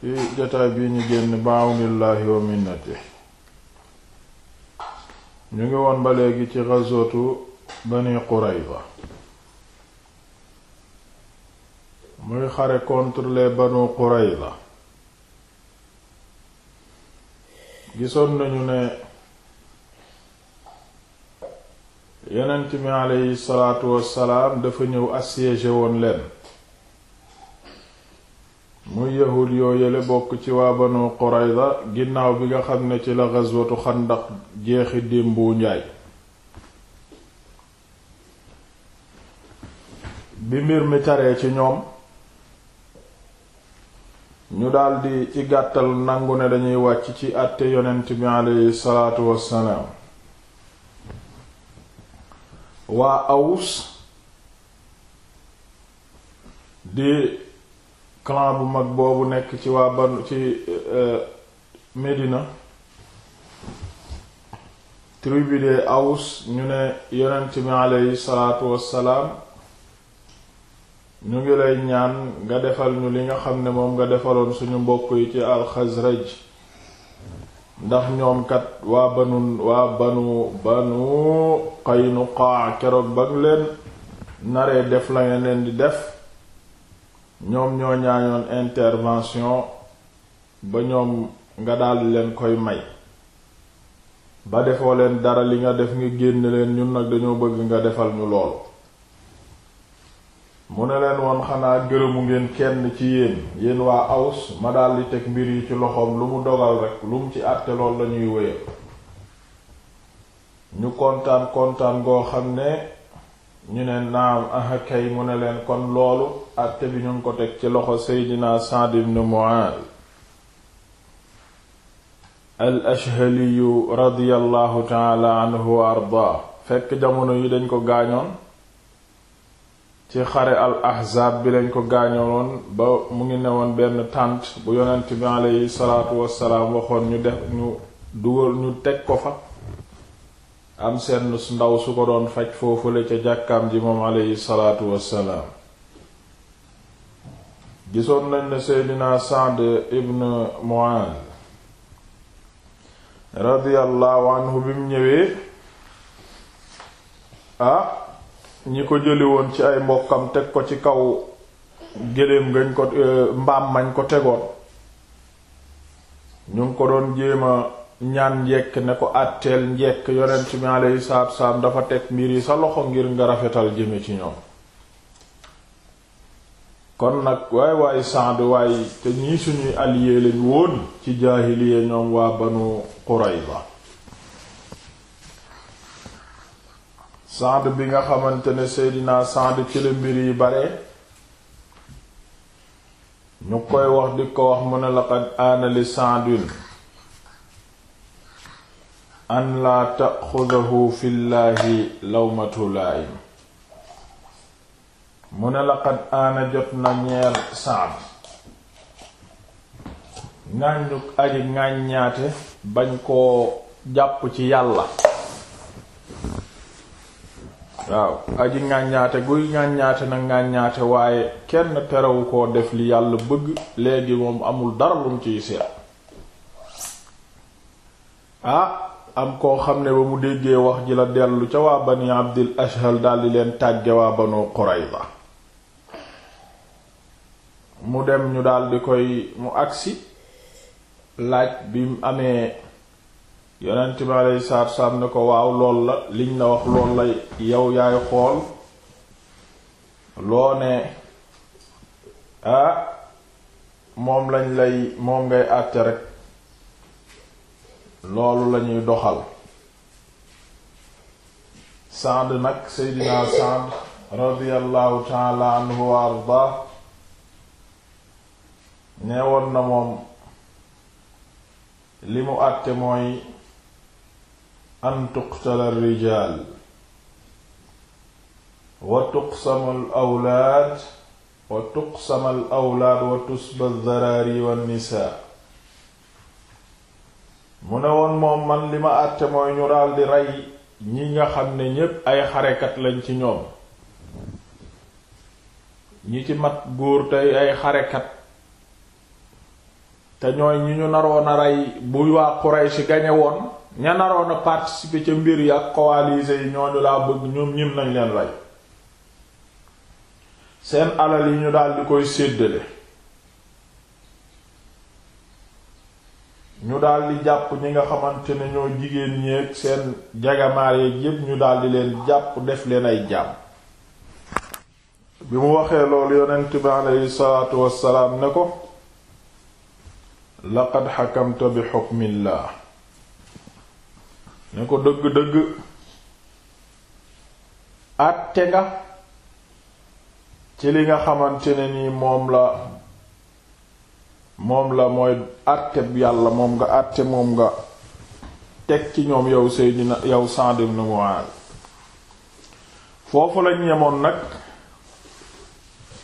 ci jataay bii ñu génn baawnillahi wa minnati ñu ngi woon ba léegi ci ghazwatu bani qurayza muy xare contre les banu qurayza gisoon nañu ne yonent mi aleyhi salaatu wassalaam dafa ñëw assiégé woon leen muy yahud yoo yele bokk ci waa banu Qurayza ginnaaw bi nga xam ne ci la gazwatu xandaq jeexi démbu njaay bi mbir mi taree ci ñoom ñu daldi ci gàttal nangu ne dañuy wàcc ci àtte yonent bi aleyhi salaatu wassalaam waa awus di clan bu mag boobu nekk ci waa banu ci eh, Medina tribu de Aws ñu ne yonent mi aleyhi salaatu wassalaam ñu ngi lay ñaan nga defal ñu li nga xam ne moom nga defaloon suñu mbokk yi ci alxazraj ndax ñoom kat waa banu waa banu banu Qaynuqaa keroog ba nga leen naree def la nga leen di def ñoom ñoo ñaayoon intervention ba ñoom nga daldi leen koy may ba defoo leen dara li nga def nga génn leen ñun nag dañoo bëgg nga defal ñu lool mu ne leen woon xanaa gërëmu ngeen kenn ci yéen yéen waa Aws ma daldi teg mbir yi ci loxoom lu mu dogal rekk lu mu ci àtte lool lañuy wéyal ñu kontaan kontaan goo xam ne ñu ne naam aha mu ne leen kon loolu àtte bi ñu ko teg ci loxo seydina Sa'd ibn Mu'adh al ashhaliyu radiyallahu taala anhu wa ardaa fekk jamono yi dañ ko gaañoon ci xare al ahzaab bi lañ ko gaañoon ba mu ngi newoon benn tànt bu yonent bi aleyhi salaatu wassalaam waxoon ñu def ñu dugal ñu teg ko fa am seen ndaw su ko doon faj foofule ca jàkkaam ji moom aleyhi salaatu wassalaam gisoon nañ ne seydina Sa'd ibn Mu'adh radiyallahu anhu bi mu ñëwee ah ñi ko jëli woon ci ay mbokkam teg ko ci kaw géléem ngañ ko eh, mbaam mañ ko tegoon ñu ngi ko doon jéema ñaan njekk ne ko àtteel njekk yonent bi alayhi salaatu salaam dafa teg mbir yi sa loxo ngir nga rafetal jëme ci ñoom kon nag waay waay Saad waay te ñii suñuy alliés lañ woon ci jaahiliya ñoom waa Banu Qurayza Saad bi nga xamante ne Seydina Saad ci la mbir yi bare ñu koy wax di ko wax mu ne laqad aana li Saadun an laa taxudahu fillaahi lawmatu laa'im mu ne laqad aana jot na ñeer Saad ngàññuk aji ngàññaate bañ koo jàpp ci yàlla waaw aji ngàññaate guy ngàññaate na ngàññaate waaye kenn terewu koo def li yàlla bëgg léegi moom amul dara lum ciy seet ah am koo xam ne ba mu déggee wax ji la dellu ca waa bani abdil ashhal daldi leen tàgge waa banu qurayza mu dem ñu daldi koy mu agsi laaj bi mu amee yonent bi aleyhi ne ko waaw lool la liñ la wax lool la yow yaay xool loo ne ah moom lañ lay moom ngay àtte rek loolu lañuy doxal sand nag Seydina Saad radiyallahu taala anhu wa ardaa neewoon na moom li mu àtte mooy an tuqtala rijaal wa tuqsamu al awlaad wa tuqsamu al awlaad wa tusba al dharaari wa nisaa mu ne woon moom man li ma àtte mooy ñu daldi rey ñi nga xam ne ñépp ay xarekat lañ ci ñoom ñi ci mat góor tey ay xarekat te ñooy ñi ñu naroon a rey bu waa Quraysh gañe woon ña naroon a participer ca mbir yi ak coalisés yi ñooñu laa bëgg ñoom ñim nañ leen rey seen alal yi ñu daldi koy séddale ñu daldi jàpp ñi nga xamante ne ñoo jigéen ñeeg seen jagamaar yépp ñu daldi leen jàpp def leen ay jàmm bi mu waxee loolu yonent bi aleyhi salaatu wassalaam ne ko laqad xakamta bi xukmillah ne ko dëgg-dëgg àtte nga ci li nga xamante ne nii moom la moom la mooy àtteb yàlla moom nga àtte moom nga teg ci ñoom yow Seydina yow Sa'd ibn Mu'adh foofu lañ yemoon nag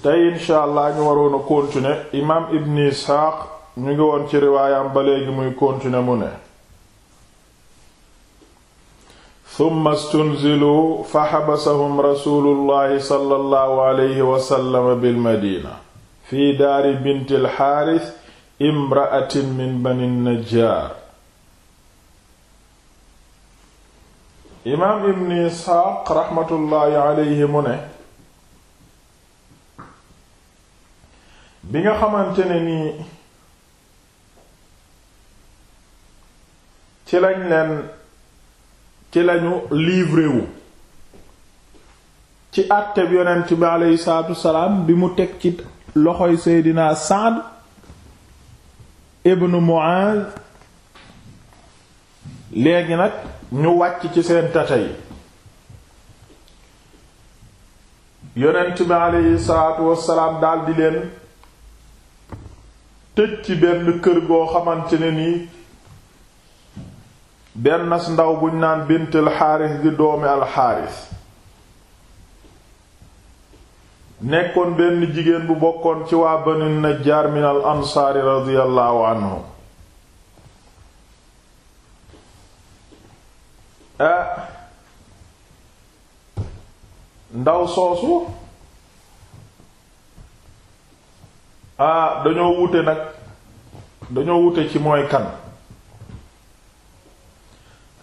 tey incha allah ñu waroon a continuer imaam Ibn Isxaaq ñu ngi woon ci riwaayam ba léegi muy continuer mu ne summa stunzilu fa xabasahum rasulullahi sallallahu alayhi wa sallam bil madina fi daari bintil xaaris imraatin min bani najjaar imaam ibn isxaaq raxmatullaahi mu ne bi nga xamante nii ci lañ leen ci lañu livré ci àtteb yonent bi aleyhi salaatu salaam bi mu teg ci loxoy seydinaa Saad ibnu Muaz léegi nag ñu wàcc ci seen tata yi yonent bi aleyhi salaatu wassalaam daldi leen tëj ci benn kër goo xamante ne nii benn nas ndaw buñ naan bint alxaaris di doomi alxaaris nekkoon benn jigéen bu bokkoon ci waa banu najjaar min al ansaari radiyallahu anhu ah ndaw soosu ah dañoo wute nag dañoo wute ci mooy kan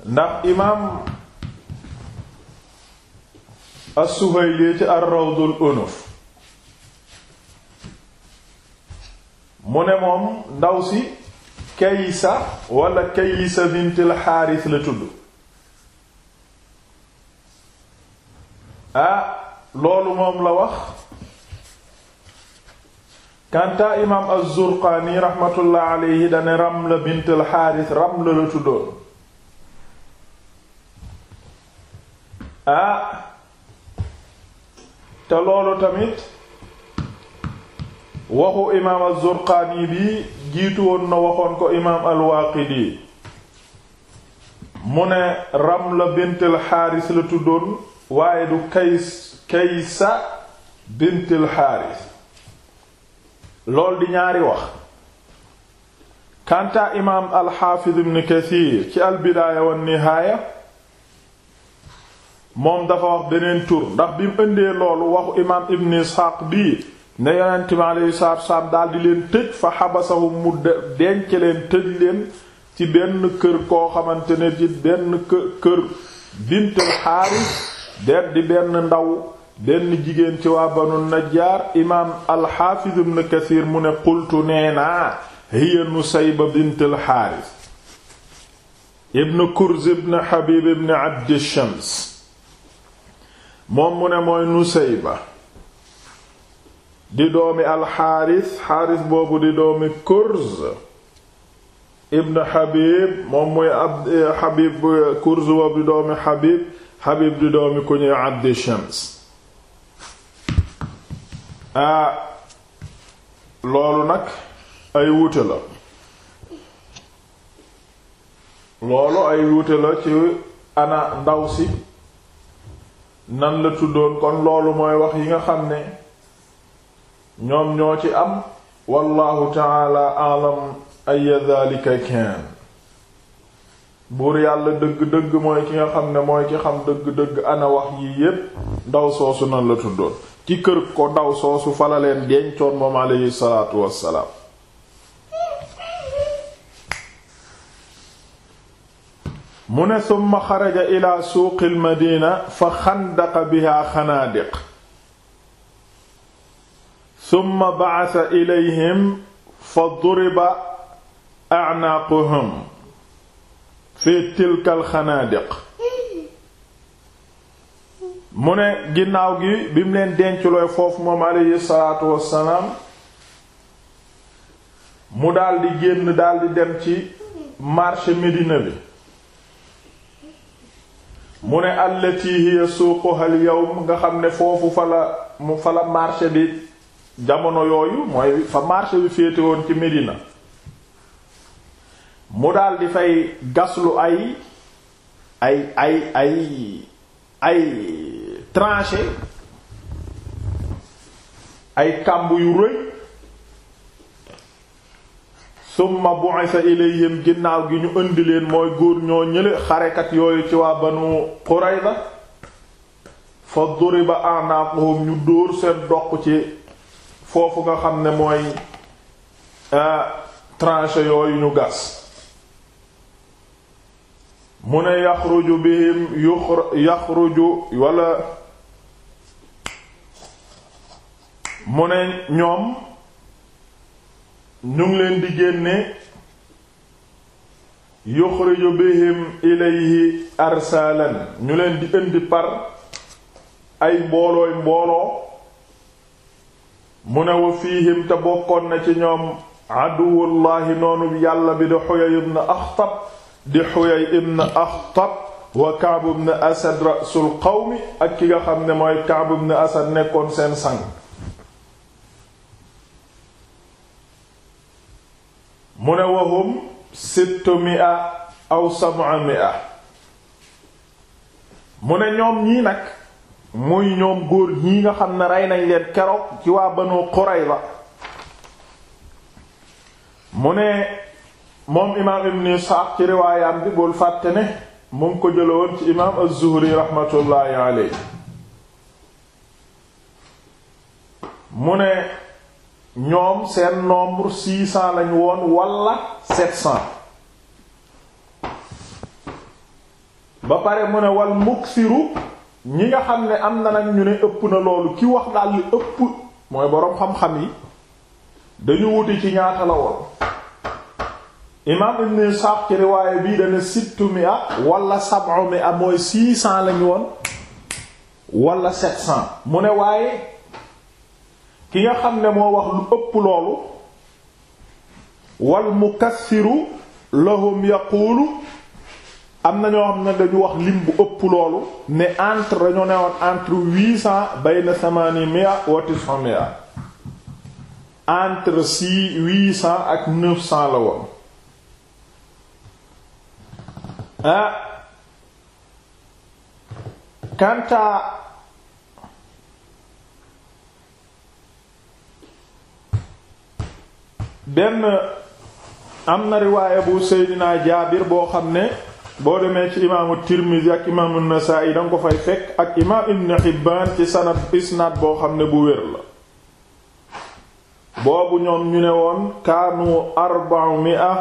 ndax imaam as ci ar-Rawdul Unuf mu ne moom ndaw si kaysa wala kaysa bintil xaaris la tudd ah loolu moom la wax kanta imaam az-Zurqaani raxmatullah alayhi dane Ramla bintil xaaris Ramla la tuddoon ah te loolu tamit waxu imaam az-Zurqaani bi jiitu woon na waxoon ko imaam al-Waaqidi mu ne Ramla bint al-Xaaris la tuddoon waaye du kays kaysa bint al-Xaaris lool di ñaari wax kanta imaam al-Xaafiz ibn Kasiir ci al-Bidaaya wa nihaaya moom dafa wax beneen tur ndax bi mu loolu waxu imaam ibn Isxaaq bii ne yonent bi alayhi salaatu salaam leen tëj fa xabasahum mu denc leen tëj leen ci benn kër koo xamante ne ci benn kër bintul xaaris der di benn ndaw benn jigéen ci waa banu najjaar imaam alxaafiz ibn kasiir mu ne qultu nee naa hiya nusayba bintul xaaris ibn kurz ibn xabiib ibn abdi moom mu ne mooy nusayba di doomi alxaaris xaaris boobu di doomi kurz ibn habib moom mooy ab eh, habib kurz boobu di doomi habib habib di doomi ku ñuy abdi shams a ah, loolu nag ay wuute la loolu ay wuute la ci ana ndaw si nan la tuddoon kon loolu mooy wax yi nga xam ne ñoom ñoo ci am wallahu taala alam aya dhalika kaan buur yàlla dëgg-dëgg mooy ki nga xam ne mooy ki xam dëgg-dëgg ana wax yii yépp ndaw soosu nan la tuddoon ci kër ko ndaw soosu fala leen dencoon moom aleyhi salaatu wassalaam mu ne summa xaraja ila suuqil madina fa xandaqa xanaa déq summa ba'asa ilayhim fa duriba a'naaquhum fi tilka alxanaadiq mu ne ginnaaw gi bi mu leen denc foofu moom alayhi salaatu wassalaam mu daldi génn daldi dem ci marché Médina bi mu ne allati hiya suuquha al nga xam ne foofu fa la mu fa la marché bi jamono yooyu mooy fa marché bi féete woon ci Médina mu daal di fay gaslu ay ay ay ay ay tranchée ay kàmb yu rëy summa bu'isa ilayhim ginnaaw gi ñu indi leen mooy góor ñoo ñële xarekat yooyu ci waa Banu Qurayza fa duriba a'naquhum ñu dóor seen doq ci foofu nga xam ne mooy ah, tranchées yooyu ñu gas mu ne yaxruju bihim yaxruju wala mu ne ñoom ñu ngi leen di génne yuxriju bihim ilayhi arsalan ñu leen di indi par ay mboolooy mbooloo mu ne wa fiihim te bokkoon na ci ñoom aduwullahi noonu yàlla bi di xuyay ibn axtab di xuyay ibn axtab wa kaab ibn asad rasul qawmi ak ki nga xam ne mooy kaab ibn asad nekkoon seen sang mu ne wahum sittu mia aw sab'a mia mu ne ñoom ñii nag muy ñoom góor ñi nga xam ne rey nañ leen keroog ci waa Banu Qurayza mu ne moom imaam Ibn Isxaaq ci riwaayam bi bul fàtte ne mu ngi ko jëlawoon ci imaam az raxmatullaahi alayhi mu ne ñoom seen nombre six cents lañ woon walla sept cents ba pare mu ne wal muksiru ñi nga xam ne am na nag ñu ne ëpp na loolu ki wax daal li ëpp mooy boroom xam-xam yi dañu wuti ci ñaata la woon imaam ibn Isaaq ci riwaaye bii dana sittu mia wala sab'u mia mooy six cent lañu woon wala sept cent mu ne waaye ki nga xam ne moo wax lu ëpp loolu wal mukassiru lahum yaqulu am na ñoo xam ne dañu wax lim bu ëpp loolu ne entre dañoo ne woon entre huit cent bayna samani mia wa tis'a mia entre six huit cent ak neuf cent la woon ah kanta benn am na riwaaya bu Seydina Jaabir boo xam ne boo demee ci imaamu Tirmizi ak imaamu Nasaa'i danga ko fay fekk ak imaam Ibn Hibbaan ci sanad isnaad boo xam ne bu wér la boobu ñoom ñu ne woon kaanu arbaa mia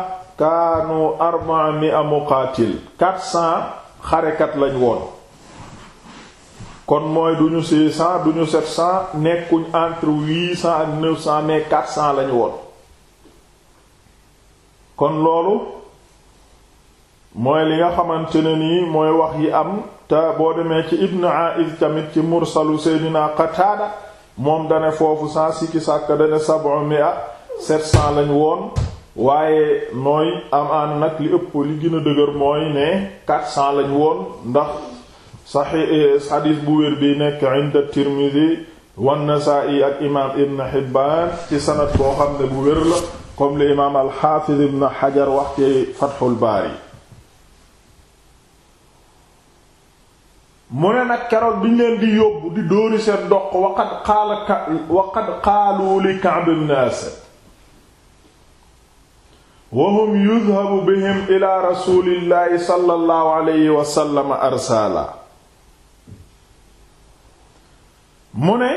kaanu arbaa mia muqaatil quatre xarekat lañu woon kon mooy du ñu six cent du ñu sept nekkuñ entre huit cent ak neuf cent mais quatre cent lañ woon kon loolu mooy li nga xamante ne nii mooy wax yi am te boo demee ci ibn Aiz tamit ci mursalu Seydina Qataada moom dane foofu sans sikki sàkk dane sab'u mi'a sept lañ woon waaye mooy am aan nag li ëpp li gën a dëgër mooy ne cent lañ woon ndax saxi eh, xadiis bu wér bi nekk inda Tirmidhi wan Nasaa'i ak imaam Ibn Hibbaan ci sanad boo xam ne bu wér la comme li imaam al-Haafiz Ibn Hajar wax ci Fathul Baari mu ne nag keroog biñ leen di yóbbu di dóori seen doq waqad qaala waqad qaalu li Ka'b ibn Asad wa hum yudhabu bihim ila rasulillahi sallallahu alayhi wa sallam arsala mu ne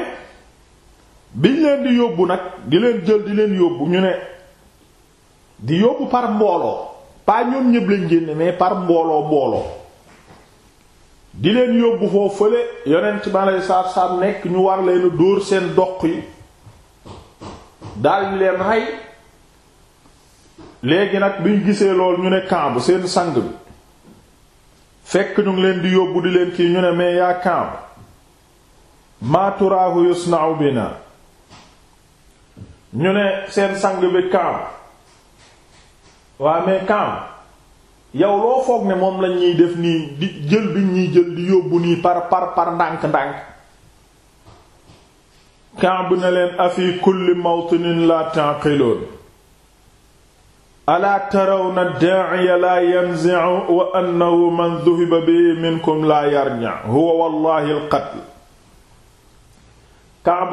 biñ leen di yóbbu nag di leen jël di leen yóbbu ñu ne di yóbbu par mbooloo pas ñoom ñëpp lañ par mbooloo mbooloo di leen yóbbu foofu fële yonent bi aleyhi salaatu salaam nekk ñu war leen dóor seen doq yi daldi leen rey léegi nag biñ gisee lool ñu ne Kaab seen sang bi fekk ñu leen di yóbbu di leen kii ñu ne mais yaa Kaab maa turaahu yusna'u bina ñu ne seen sang bi Kaab waa mais Kaab yow loo foog ne moom lañuy def nii di jël bi ñuy jël di yóbbu nii par par par ndànk-ndànk Kaab na leen afi kulli mawtinin la taqiloon alaa tarawna daa'iya laa yanzi'u wa annahu man dhuhiba bihi minkum laa yarja' huwa wallahi al-qatl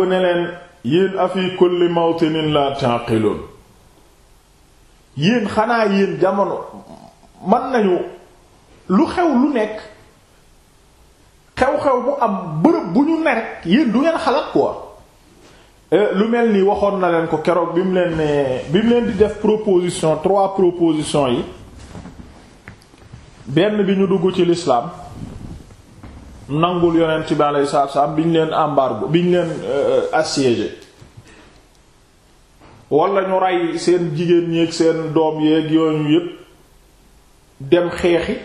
ne leen yéen afi kulli mawtinin la taqiloon yéen xanaa yéen jamono man nañu lu xew lu nekk xew-xew bu am bërëb bu ñu nekk rek du ngeen xalaat quoi eh, lu mel ni waxoon na leen ko keroog bi mu leen ne bi mu leen di def proposition trois propositions yi benn bi ñu dugg ci l'islam nangul yonent ci bale salaatu salaam bi ñu leen embargo bi ñu leen euh, assiégé wala ñu rey seen jigéen ñi ak seen doom yeeg yooyu yépp dem xeexi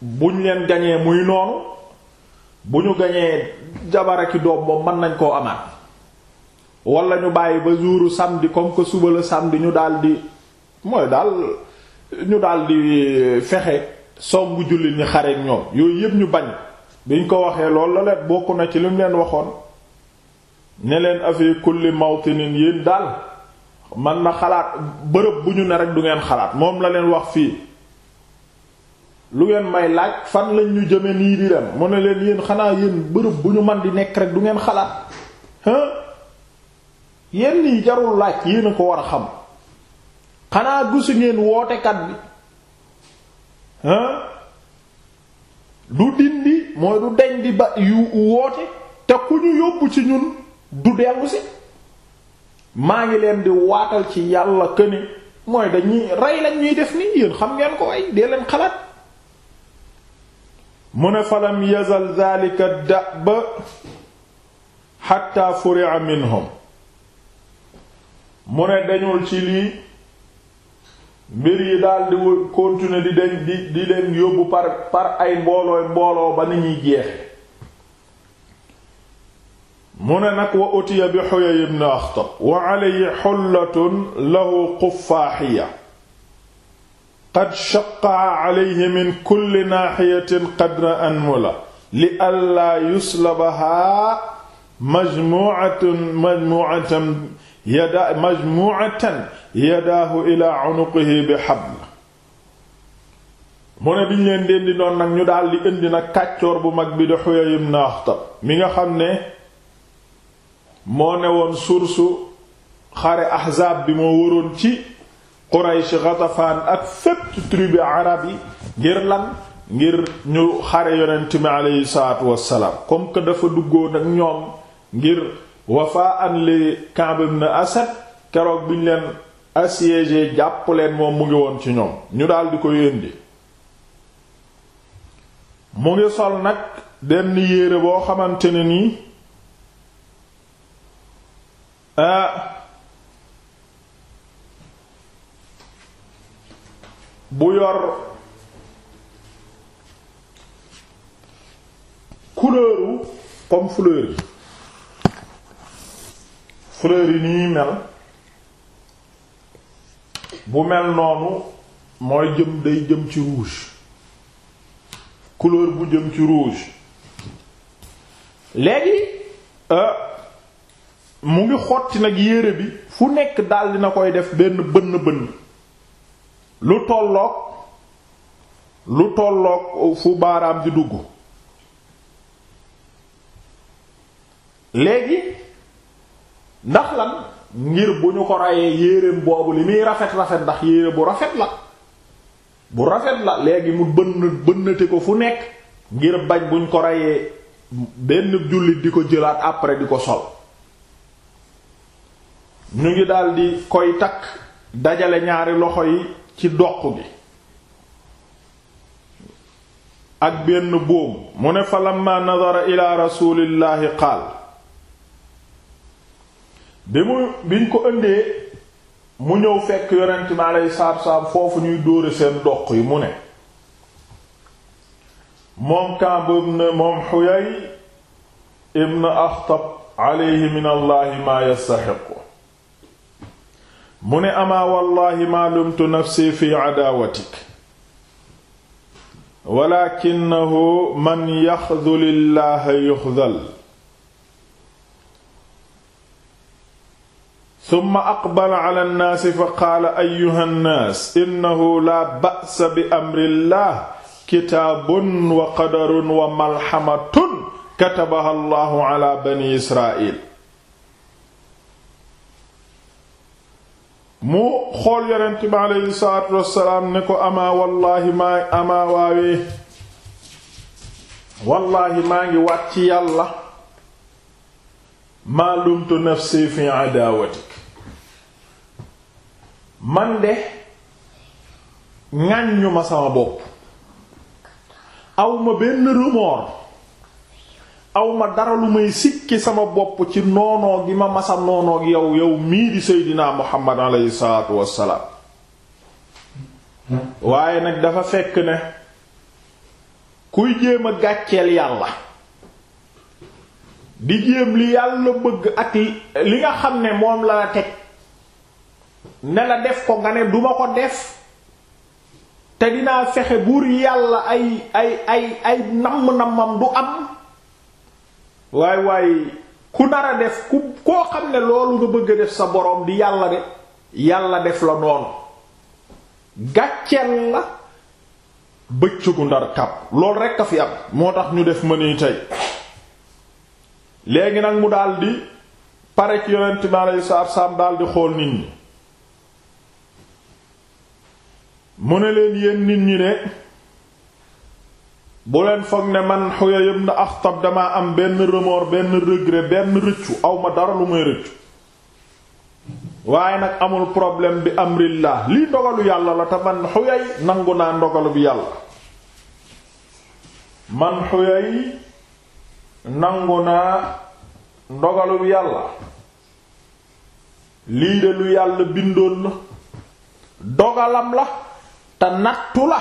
buñ leen gañee muy noonu bu ñu gañee ki doom moom mën nañ koo amaat wala ñu bàyyi ba jouru samedi comme que suba la samedi ñu daldi mooy daal ñu daldi euh, fexe songu jullit ñi xare ñoom yooyu yépp ñu bañ biñ ko waxee lool la leen bokk na ci li mu leen waxoon ne leen afi kulli mawtinin yéen daal man na xalaat bërëb bu ñu ne rek du ngeen xalaat moom la leen wax fii lu ngeen may laaj fan lañ ñu jëme nii di dem mu ne leen yéen xanaa yéen bërëb bu ñu man di nekk rek du ngeen xalaat hein yéen nii jarul laaj yéen a ko war a xam xanaa si ngeen wootekat bi hein du dindi mooy du deñ di ba yu woote te ku ñu yóbbu ci ñun du dellu si maa ngi leen di waatal ci yàlla këne mooy dañuy rey lañ ñuy def nii yéen xam ngeen ko ay dee leen xalaat mu ne falam yazal daalika da'b xatta furi'a minhum mu ne dañul ci lii mbir yi daldi continuer di den di di yóbbu par par ay mboolooy mbooloo ba ni ñuy jeexe mu ne nag wa utiya bi Huyay ibn Akhtab wa alayhi hullatun lahu quffaahiya qad shaqaa alayhi min kulli naaxiyatin qadra anmula li allaa yuslabahaa majmuu'atan majmuu'atan yadaahu ilaa unuqihi bi habl mu ne biñ leen dendi nag ñu daldi indi nag kàccoor bu mag bi di Huyay ibn mi nga xam ne moo ne woon sursu xare ahzaab bi moo waroon ci Quraysh Ghatafaan ak fépp tribu arab yi ngir lan ngir ñu xare yonent mi aleyhi salaatu wassalaam comme que dafa duggoon ak ñoom ngir wafaan li Ka'b ibn Asad keroog biñ leen assiégé jàpp leen moom mu ngi woon ci ñoom ñu daldi ko yéen yéndi mu ngi sol nag benn yéere boo xamante ne nii ah, bu yor couleuru comme fleur yi fleur yi nii mel bu mel noonu mooy jëm day jëm ci rouge couleur bu jëm ci rouge léegi euh, mu ngi xotti nag yére bi fu nekk daldi na koy def benn bënn bënn lu tolloog lu tolloog fu baaraam di dugg léegi ndax lan ngir bu ñu ko rayee yéreem boobu li muy rafet rafet ndax yére bu rafet la bu rafet la léegi mu bënn bënnate ko fu nekk ngir bañ buñ ko rayee benn jullit di ko jëlaat après di ko sol ñu ngi daldi koy takk dajale ñaari loxo yi ci doq gi ak benn boobu mu ne falamma nadara ila rasulillahi qaal bi mu biñ ko ëndee mu ñëw fekk yonent mi aleyhi salaatu salaam foofu ñuy dóore seen doq yi mu ne moom Kaab ibn moom Huyay ibn Akhtab aleyhi min allahi ma yastaxiqu mu ne amaa wallaahi maa lumtu nafsi fi cadaawatik walakinahu man yaxdulillaha yuxdal summa aqbala cala nnaasi fa qaala ayuha nnaas innahu laa ba'sa bi amrillah kitaabun wa qadarun wa malxamatun katabaha allahu cala bani israil mu xool yonent bi aleyhi salaatu wassalaam ne ko ama wallaahi maa ama waawee wallaahi maa ngi waat ci yàlla maa lumtu nafsi fi adaawatik man de ŋàññu ma sama bopp awma benn remords awma dara lu may sikki sama bopp ci noonoo gi ma masa noonoo yow yow mii di seydinaa muhammad aleyhi salaatu wassalaam waaye nag dafa fekk ne kuy jéem gàcceel yàlla di jéem li yàlla bëgg ak li nga xam ne moom la la teg ne la def ko nga ne duma ko def te dinaa fexe buur yàlla ay ay ay ay namm-nammam du am waay waay ku nar def koo xam ne loolu nga bëgg def sa boroom di yàlla de yàlla def la noonu gàcceel la bëccëgu ndar kàpp loolu rekk a fi am moo tax ñu def ma yi tey léegi nag mu daldi pare ci yonent bi aleyhi salaatu salaam daldi xool nit ñi mu ne leen yéen nit ñi ne bu leen foog ne man Huyay ibn Akhtab damaa am benn remords benn regret benn rëccu aw ma dara lu may rëccu waaye nag amul problème bi amrillah lii ndogalu yàlla la te man Huyay nangu naa ndogalu bi yàlla man Huyay nangu naa ndogalu yàlla lii de lu yàlla bindoon la dogalam la te nattu la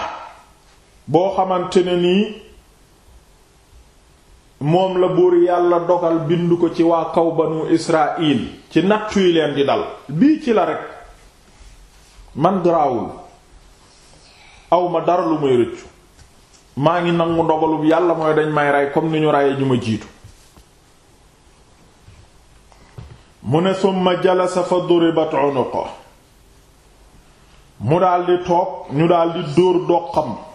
boo xamante ne nii moom la buur yàlla dogal bindu ko ci waa kaw banu Israil ci nattu yi leen di dal bii ci la rek man garaawul awma dara lu may rëccu maa ngi nangu ndogalub yàlla mooy dañ may rey comme ni ñu reyee ñu ma jiitu mu ne summa jalasa fa duribat unuqa mu daldi toog ñu daldi dóor doqam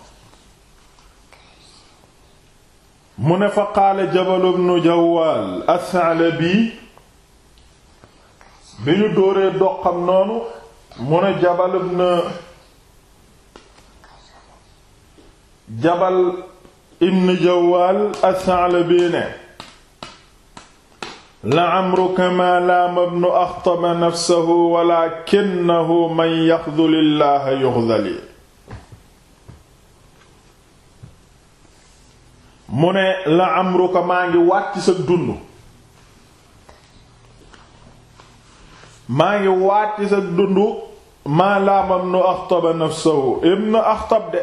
mu ne fa qaala Jabal ibn Jawwal as-Sa'labi bi ñu dóoree doqam noonu mu ne Jabal ibn Jabal ibn Jawwal as-Sa'labi ne la'amruka ma laama ibn Axtab nafsahu walakinahu man yaxdhul Allaha yuxdhali mu ne la amruka maa ngi waat ci dund maa ngi waat ci sa dund maa laamam nu axtaba nafsahu ibn axtab de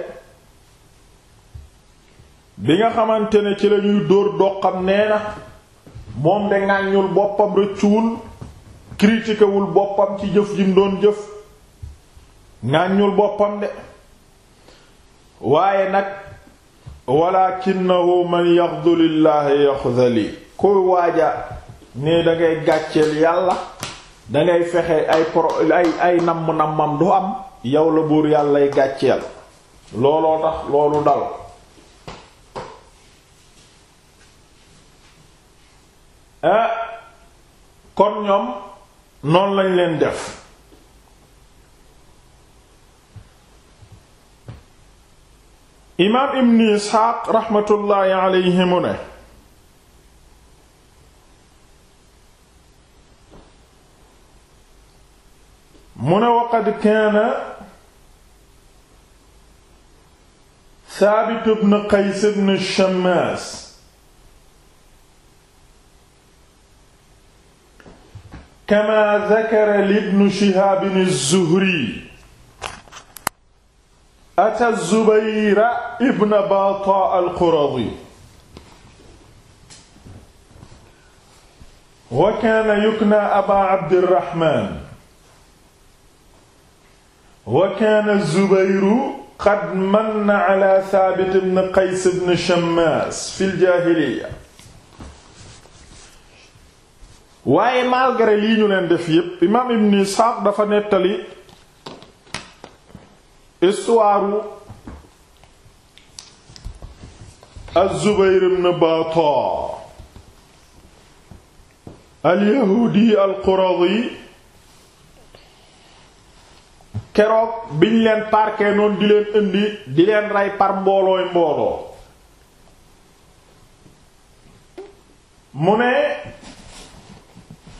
bi nga xamante ne ci lañuy dóor doqam nee na moom de ŋàññul boppam rëccuwul critiquewul boppam ci jëf jim doon jëf ŋàññul boppam de waaye nag walakinahu man yaxdu lillahi yaxdali kuy waaja ne da gàcceel yàlla dangay fexe ay pro ay ay namm-nammam du am yow la buur yàllay gàcceel looloo tax loolu dal eh, kon ñoom noonu lañ leen def imaam ibn isxaaq raxmatullaahi alayhi mu ne mu ne waqad kaana saabit ibn qays ibn shammaas kamaa dakara li ibn shihaab az-zuhri ata zubayra ibn bata al-quradi wa kaana yukna aba abdirrahman wa kaana zubayru qad manna ala thabit ibn qays ibn shammas fi al-jaahiliya waaye malgré lii ñu leen def yépp imaam ibn isxaaq dafa nettali histoire az-Zubayr ibn Bata al-Yahudi keroog biñ leen parqué noonu di leen indi di leen rey par mboolooy mbooloo mu ne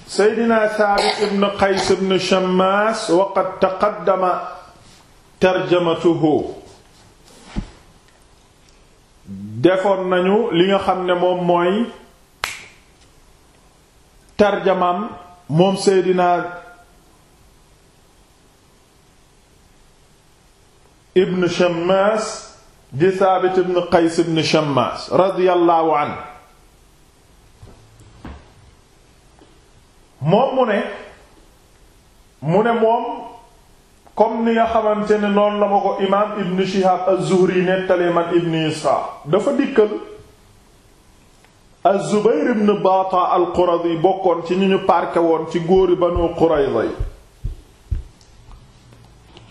Seydina Saabit ibn Qays ibn Shammas wa taqaddama tarjamatuhu defoon nañu li nga xam ne moom mooy tarjamaam moom seydinaa ibn Shammas di Thabit ibn Qays ibn Shammas radiyallahu anhu moom mu ne mu ne moom comme ni nga xamante ne noon la ma ko imaam ibn Shihab az-Zuhri nettalee man ibn Isxaaq dafa dikkal az-Zubayr ibn Baata al-Quradi bokkoon ci ñu ñu parke woon ci góori Banu Qurayza yi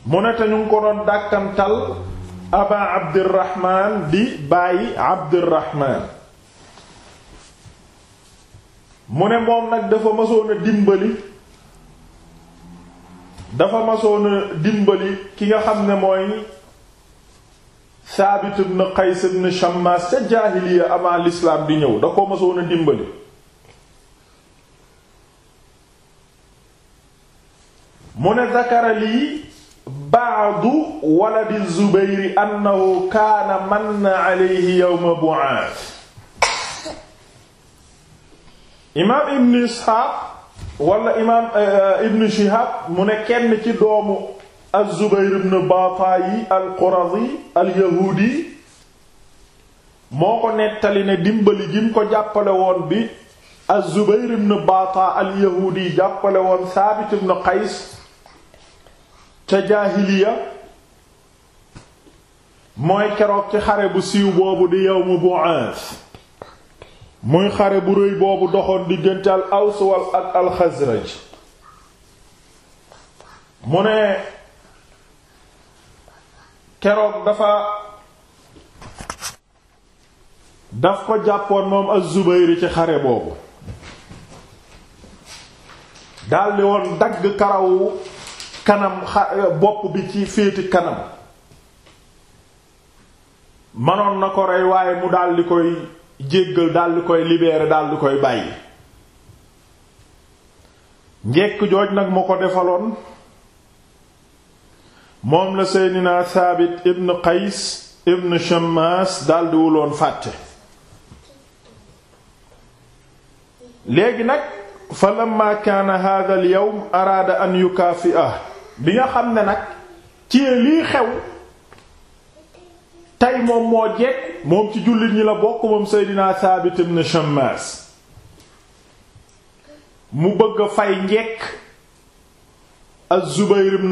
mu ne te ñu ngi ko doon dàkkantal Aba Abdirahman di bàyyi Abdirahman mu ne moom nag dafa mësoon a dimbali dafa masoon dimbali ki nga xam ne mooy Saabit ibn Qays ibn Shammas ca jaahiliya avant l'islam di ñëw da ko masoon dimbali mu ne zakara lii baadu waladi Zubayri annahu kaana manna alayhi yawma Bu'ath imaam ibn Isxaaq wala imaam eh, eh, Ibn Shihab mu ne kenn ci doomu az-Zubayr ibn Bataayi al-Qurazi al-Yahudi moo ko nettali ne dimbali gim ko jàppale woon bi az-Zubayr ibn Bataa al-Yahudi jàppale woon Saabit ibn Qays ca jaahiliya mooy keroog ci xare bu siiw boobu di yawmu Bu'aas muy xare bu rëy boobu doxoon diggante al aws wal ak al xasraj mu ne keroog dafa daf ko jàppoon moom az-Zubayr ci xare boobu daldi woon dagg karawu kanam bopp bi ci féeti kanam manoon na ko rey waaye mu daldi koy jéggal koy libérer daldi koy bàyyi njekk jooj nag mu ko defaloon moom la seydinaa thaabit ibn qays ibn shammaas daldi wuloon fàtte léegi nag fa lamma yow haadha al yawm araada bi nga xam ne nag ci lii xew tey moom moo jekk moom ci jullit ñi la bokk moom Seydina Saabit ibn Shammas mu bëgg fay njekk Az-Zubayr ibn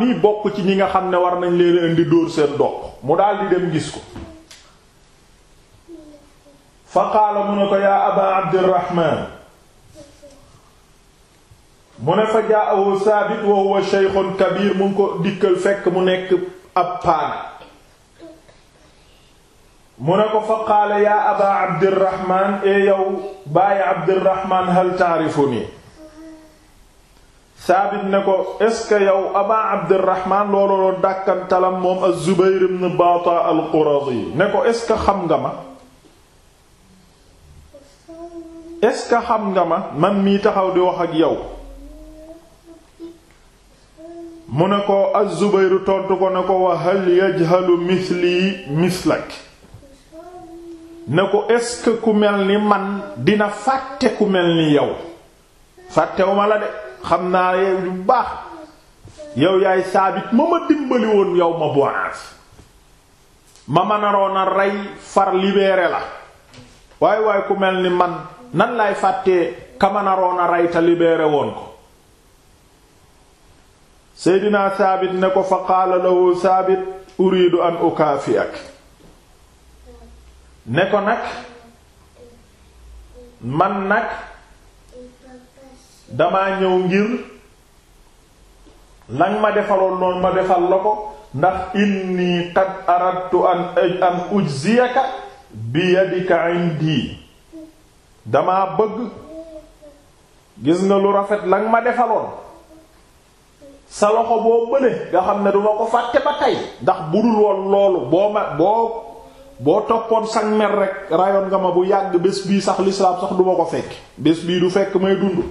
mi bokk ci ñi nga xam ne war nañ leen di dóor seen doq mu daldi di dem gis ko fa qaala mu ne ko yaa aba abdirahman mu ne fa jaahu saabit wa huwa shaykhun mu ngi ko dikkal fekk mu nekk ab paana mu ne ko fa qaala yaa aba abdirahman e yow bàyyi abdirahman hal taarifuni saabit ne ko est-ce que yow aba abdirahman loolu loolu dàkkantalam moom az-Zubayr ibn Baata al-Quradi ne ko est xam nga ma est-ce que xam nga ma man mii taxaw di wax ak yow mu ne ko az-Zubayr tontu ko ne ko wa hal yajhalu mithli mislak ne ko est ku mel ni man dina fàtte ku mel ni yow fàttewu la de xam naa yow bu baax yow yaay saabit ma ma dimbali woon yow ma boance ma ma naroon far libéré la waaye waay ku mel ni man nan laay fàttee ka ma naroon a rey te woon ko seydinaa saabit ne ko fa qaala lahu saabit uridu an ukaafiak ne ko nag man nag dama ñëw ngir lan ma defaloon noonu ma defal la ko ndax inni qad aradtu an an ujziyaka bi yadika indi damaa bëgg gis nga lu rafet lan ma defaloon sa loxo boo bële nga xam ne duma ko fàtte ba tey ndax budul woon loolu boo ma boo boo toppoon sag mer rek rayoon nga ma bu yàgg bés bii sax lislaam sax du ma ko fekk bés bii du fekk may dund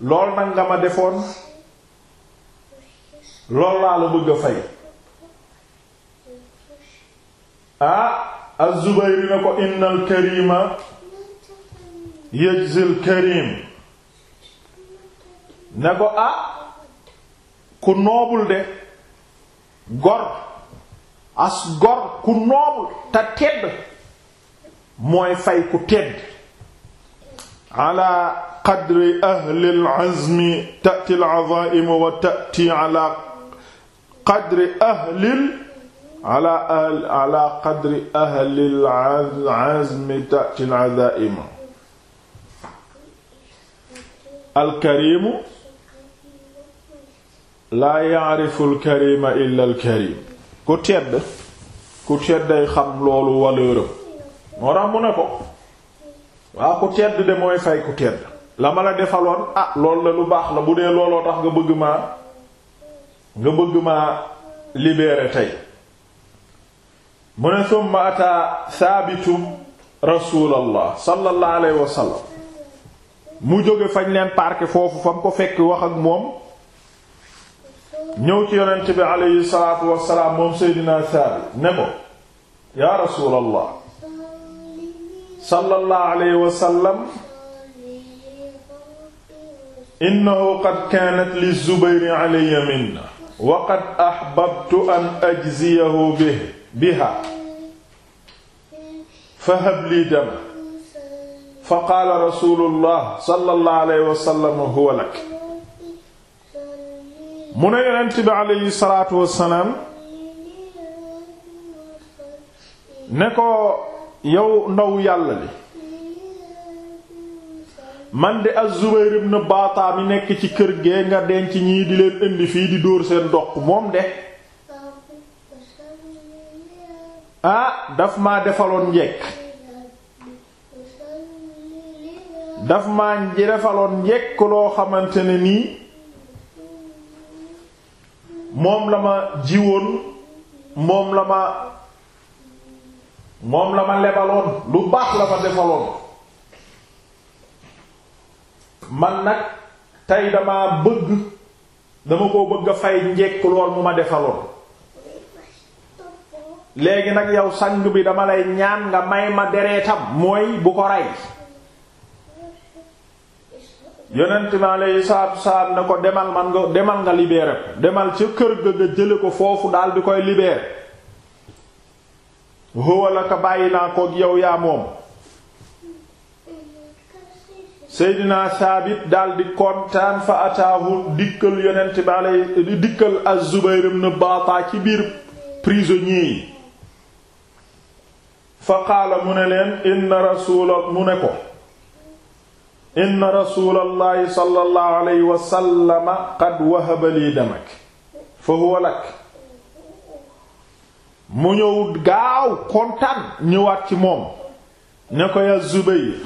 lool nag nga ma defoon lool laa la bëgg a fay ah az-Zubayr ne ko innal karima yajzil karim ne ko ah ku noobul de gor as gor ku noobul te tedd mooy fay ku tedd ala qadri ahli al-azmi ta'ti al-'azaa'im wa ta'ti ala qadri ahli ala ala qadri ahli al-'azmi ta'ti al-'azaa'im al-karim laa ya'rifu al-karima illa al-karim ku tedd ku tedd day xam loolu valeur am moo tax mu ne ko waa ku tedd de mooy fay ku tedd la ma la defaloon ah loolu la lu baax la bu dee looloo tax nga bëgg maa nga bëgg maa libérer tey mu ne summa ata saabitu rasulallah sallallahu alayhi mu jóge fañ leen parqué foofu fa mu ko fekk wax ak moom ñëw ci yonent bi aleyhi salaatu wassalaam moom seydina Saabit ne ko yaa rasuulallah sallallahu alayhi wa sallam innahu qad kaanat li Zubayr alayya minna wa qad ahbabtu an ajziyahu bihi biha fahab lii dama fa qaala rasuulullah sallallahu alayhi wa sallam huwa lak mu ne yonent bi aleyhi ne ko yow ndaw yàlla li man de az-Zubayr ibn Baata nekk ci kër gee nga denc ñii di leen indi fii di dóor seen doq moom de ah daf maa defaloon njekk daf maa defaloon njekk loo xamante ne nii moom la ma jiwoon moom la ma moom la ma lebaloon lu baax la ma defaloon man nag tey dama bëgg dama koo bëgg fay njekk lool mu ma defaloon léegi nag yow sang bi dama lay ñaan nga may ma deretam mooy bu ko rey yonent mi alayhi salaatu salaam ko demal man nga demal nga libéré ko demal ca kër ga nga jële ko foofu daal di koy libéré huwa laka bàyyi naa koog yow yaa moom seydina saabit daal di kontaan fa ataahu dikkal yonent dikkal az-Zubayr ibn Baata ci biir prisonnier yi fa qaala mu ne leen inna rasuula mu ne ko inna rasulallahi sallallahu alayhi wa sallam qad wahaba lii fa huwa lak mu ñëwu gaaw kontaan ñëwaat ci moom ne ko ya Zubayr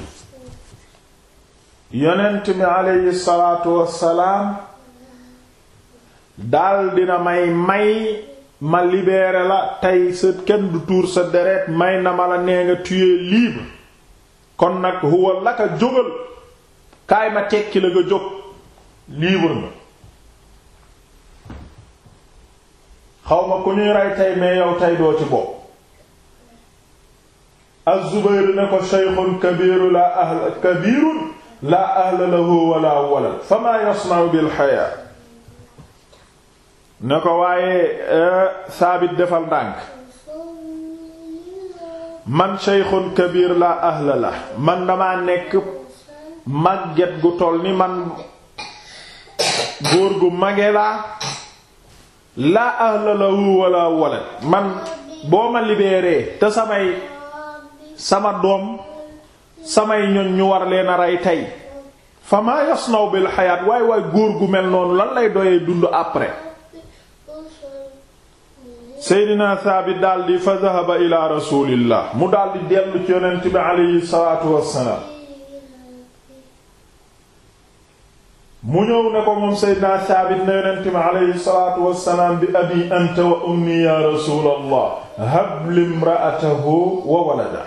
yonent mi aleyhi wassalaam daal dina may may ma libéré la tey sa kenn du tuur sa deret may na ma la nee nga tu es libre kon nag huwa laka jógal kaay ma tekki la nga jóg libre nga xaw ma ku ñuy rey tey mais yow tey doo ci bopp az ne ko shaykhun kabiru la ahla kabirun la ahla lahu wala walad fama yasna'u bil haya ne ko waaye eh, saabit defal ndànk man shaykhun kabir la ahla la man dama nekk màgget gu toll ni man góor gu mage laa laa ahla lahu wala walad man boo ma libeeree te samay sama doom samay ñoñ ñu war leen a rey tey fa maa yasnaw bil xayaat waay waay góor gu mel noonu lan lay doyee dund après seydina thaabit daldi fa dhahaba mu daldi dellu ci yonent mu ñëw ne ko moom Seydina Saabit ne yonent mi aleyhi salaatu wassalaam bi abi anta wa ummi ya rasuulallah hablimraatahu wa walada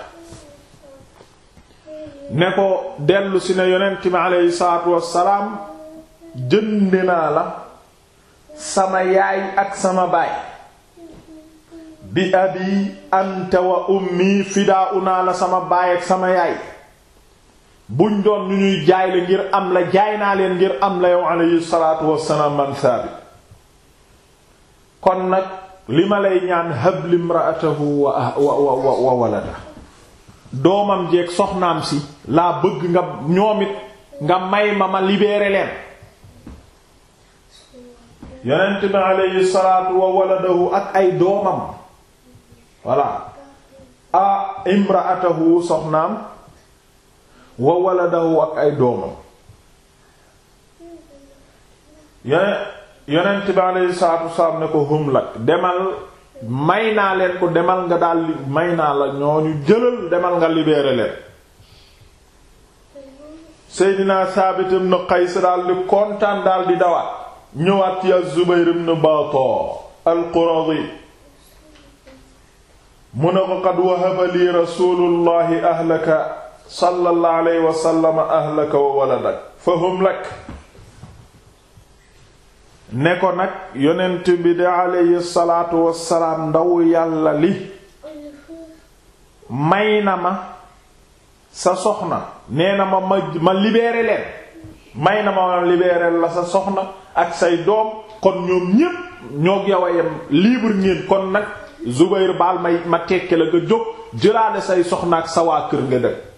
ne ko dellu si ne yonent mi aleyhi salaatu wassalaam jënd naa la sama yaay ak sama baay bi abi anta wa ummi fidaa naa la sama baay ak sama yaay buñ doon ñu ñuy jaay la ngir am la jaay naa leen ngir am la yow alayhi salaatu wassalaam man kon nag li ma lay ñaan habli imra'atahu wa wa wa walada doomam jeeg soxnaam si laa bëgg nga ñoomit nga may ma ma libéré leen yonent bi alayhi salaatu wa waladahu ak ay doomam voilà a imra'atahu soxnaam wa waladahu ak ay doomam yonent bi alayhi salaatu wasalaam ne ko hum lak demal may naa leen ko demal nga daal may naa la ñooñu jëlal demal nga libéré leen Seydina Saabit ibn Qays daal di kontaan daal dawaat ñëwaat ci Az-Zubayr ibn Bata al-Quradi mu ko qad wahaba li ahlaka sallallahu alayhi wa sallam ahlaka wa waladak fahum lak ne ko nag yonent bi de alayhi salaatu ndaw yàlla li may na ma sa soxna nee na ma ma ma libéré may na ma ma libéré la sa soxna ak say doom kon ñoom ñépp ñoog yow a yem ngeen kon nag Zubayr baal ma ma tekke la nga jóg jëlaale say soxna ak sa waa kër nga dëkk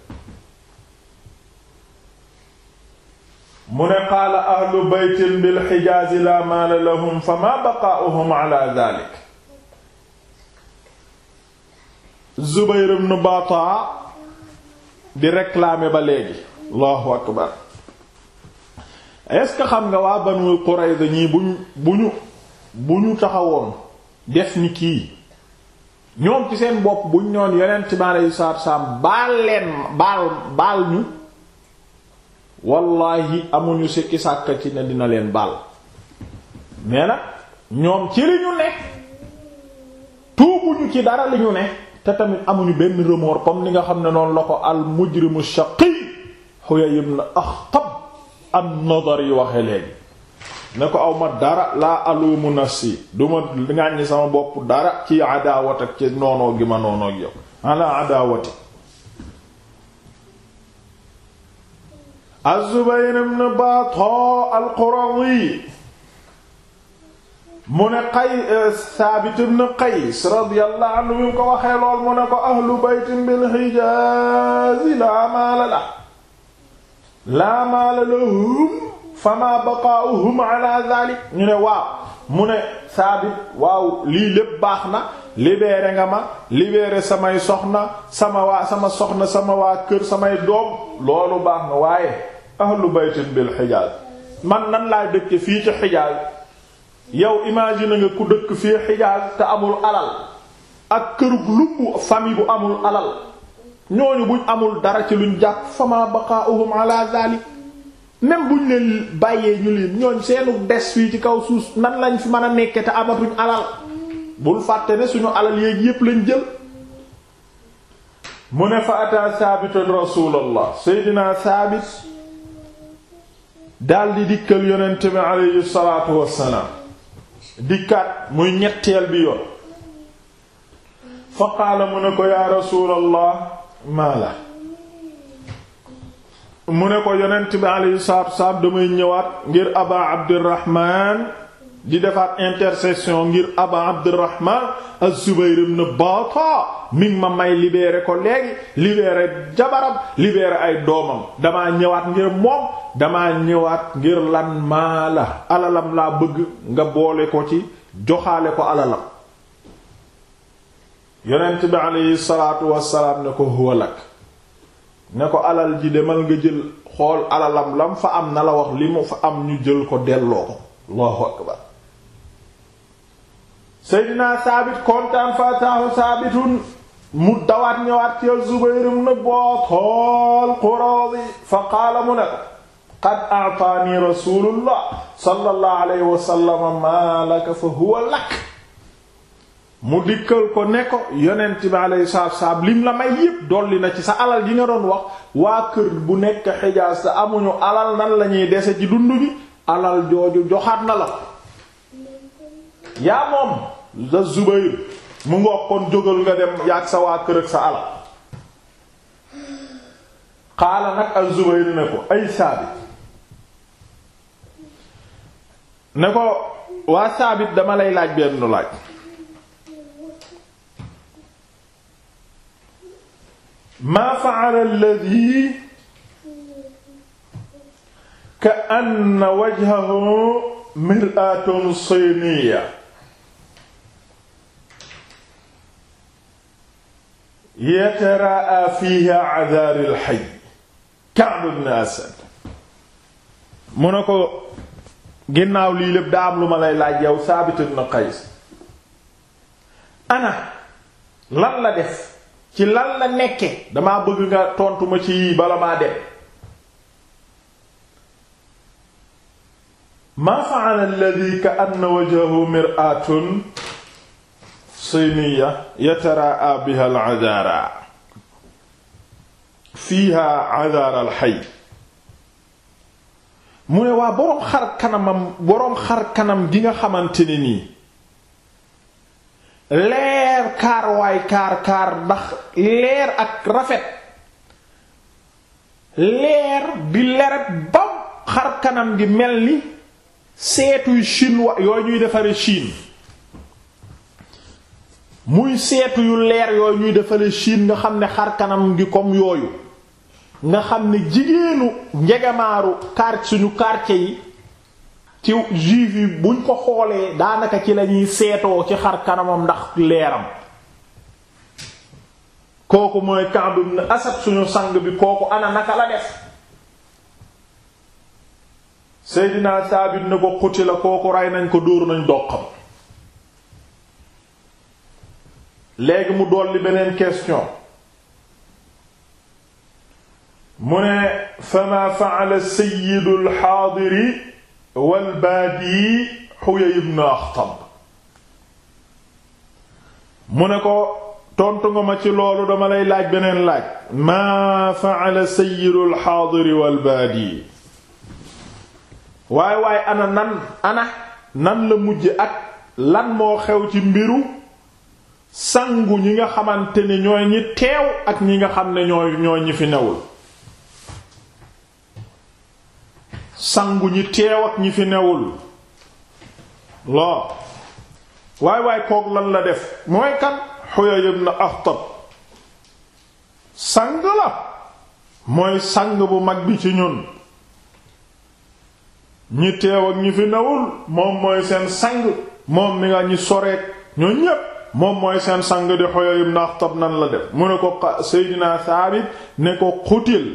mu ne qaala ahlu baytin bil xijaazi laa maala lahum fa baqaa'uhum ala daalik Zubayr ibn Bataa di réclamer ba léegi allahu akbar est ce que xam nga waa Banu Qurayza ñii bu ñu bu ñu bu ñu taxawoon def ni kii ñoom ci seen bopp buñ ñoon yonent bi aleyhi salaatu wa baal leen baal baal ñu wallaahi amuñu sikki sàkk ci ne dina leen baal mais nag ñoom ci li ñu ne tuubuñu ci dara li ñu ne te tamit amuñu benn remords comme ni nga xam ne noonu la ko al mujrimu shaqi Huyay ibn Akhtab an-Nadari waxe léegi ne ko aw ma dara laa alumu nafsi duma ngàññi sama bopp dara ci adaawatak ci noonoo gi ma noonoog yow ala adaawati az-Zubayr ibn Baata al-Quradi mu ne Qays eh, Saabit ibn Qays radiyallahu anhu mi ko waxee lool mu ne ko ahlu baytin bil-Hijaaz laa maala lahu laa maala lahum famaa baqaa'uhum alaa zaalik ñu ne waaw mu ne Saabit waaw lii lépp baax na libéré nga ma libéré samay soxna sama waa sama soxna sama waa kër samay doom loolu baax na waaye ahlu baytin bil xijaaz man nan laa dëkke fii ci xijaaz yow imagine nga ku dëkk fii xijaaz te amul alal ak kërug lumb famille bu amul alal ñooñu buñ amul dara ci luñ jàpp fama baqaa'uhum ala zalik même buñ leen bàyyee ñu leen ñooñ seenu des fii ci kaw suuf nan lañ fi mën a nekke te amatuñ alal bul fàtte ne suñu alal yéeg yépp lañ jël mu ne fa ataa saabitun rasulallah seydinaa saabit daldi dikkal yonent bi aleyhi salaatu wassalaam dikkaat muy ñetteel bi yoon fa qaala mu ne ko yaa rasuulallah maa la mu ne ko yonent bi aleyhi salaatu wassalaam damay ñëwaat ngir aba abdirahmaan di defaat intercession ngir aba abdurrahman az-zubayr ibn bata mi ma may libéré ko léegi libéré jabaram libéré ay doomam damaa ñëwaat ngir moom damaa ñëwaat ngir lan maa la alalam laa bëgg nga boole ko ci joxaale ko alalam yonent bi aleyhi salaatu wasalaam ne ko huwa lak ne ko alal ji demal nga jël xool alalam lam fa am na la wax li mu fa am ñu jël ko delloo ko allahu akbar Seydina Saabit kontaan fa taahu Saabitun mu dawaat ñëwaat ci Zubayr ibn Bataal Qurazi fa qaala mu ne ko qad a'taani Rasuulullah sallallahu alayhi yi sallam maa laka fa huwa lak mu dikkal ko ne ko yonent bi alayhi salaatu lim la may yépp dolli na ci sa alal yi nga doon wax waa kër bu nekk Hijaaz te amuñu alal nan la ñuy dese ci dund gi alal jooju joxaat na la yaa moom da Zubayr mu ngoog kon jógal nga dem yaag sa waa kër ak sa alal xaala nag al Zubayr ne ko ay saabit ne ko waa saabit dama lay laaj benn laaj maa fa'ala alladhi ka anna wajhahu mir'atun siniyya yataraa fiiha adaari lxaj Ka'b ibn Asad mu ne ko ginnaaw lii lépp daa am lu ma lay laaj yow Saabit ibn Qays ana lan la def ci lan la nekke damaa bëgg nga tontu ci yii bala maa dem maa fa'ala alladhi ka'anna wajhahu mir'atun sayniya yataraa biha al-adara fiiha adara al-hayy mu ne waa boroom xar kanamam boroom xar kanam gi nga xamante ni nii leer kaar waay kaar kaar ndax leer ak rafet leer bi leret bam xar kanam gi mel ni seetuy Chine wa yooyu ñuy defare Chine muy seetu yu leer yooyu ñuy defale Chine nga xam ne xar kanam gi comme yooyu nga xam ne jigéenu njegamaaru quartier suñu quartier yi ci juif yi buñ ko xoolee daanaka ci lañuy seetoo ci xar kanamam ndax leeram kooku mooy Ka'b ibn suñu sang bi kooku ana naka la def Seydina Saabit ne ko xuti la kooku rey nañ ko dóor nañ doqam léegi mu dolli beneen question mu ne fama faala sayidu alxaadiri walbaadiyi xuyay ibnu axtab mu ne ko tontu nga ma ci loolu dama lay laaj beneen laaj maa faala sayidu alxaadiri walbaadiyi waay waay ana nan ana nan la mujj ak lan moo xew ci mbiru sangu ñi nga xamante ni ñooy ñi teew ak ñi nga xam ne ñooy ñooy ñi fi newul sangu ñi teew ak ñi fi newul loo waay waay kook lan la def mooy kan Huyay ibn Akhtab sang la mooy sang bu mag bi ci ñun ñi teew ak ñi fi newul moom mooy seen sang moom mi nga ñi soreek ñoo ñépp moom mooy seen sang di Huyay ibn Akhtab nan la def mu ne ko Seydina Saabit ne ko xutil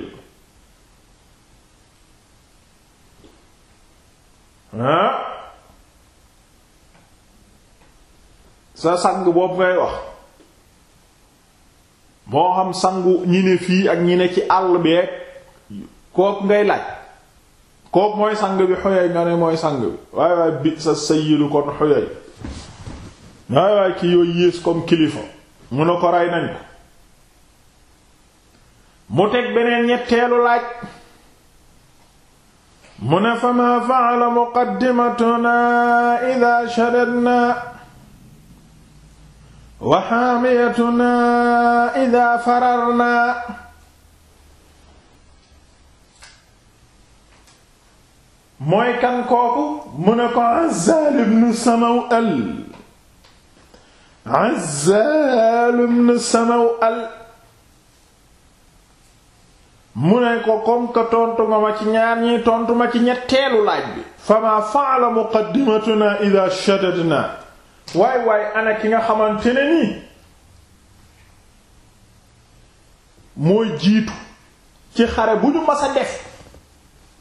sa sang boobu ngay wax moo xam sangu ñi ne fii ak ñi ne ci àll beeg kooku ngay laaj kooku mooy sang bi Huyay nga ne mooy sang bi waaye waaye bi sa sayyidu kon Huyay waay waay ki yées comme kilifa mu ne ko rey ko mu teg beneen ñetteelu laaj mu ne fa ma fa'ala muqaddimatuna idha shadadna wa hamiyatuna idha fararna mooy kan kooku mu ne ko Azzaal ibn Samawal Azzaal ibn Samawal mu ne ko comme que tontu nga ma ci ñaar ñi tontu ma ci ñetteelu laaj bi fama fa'ala muqaddimatuna idha shaddadna waay waay ana ki nga xamante ne nii mooy jiitu ci xare bu ñu masa def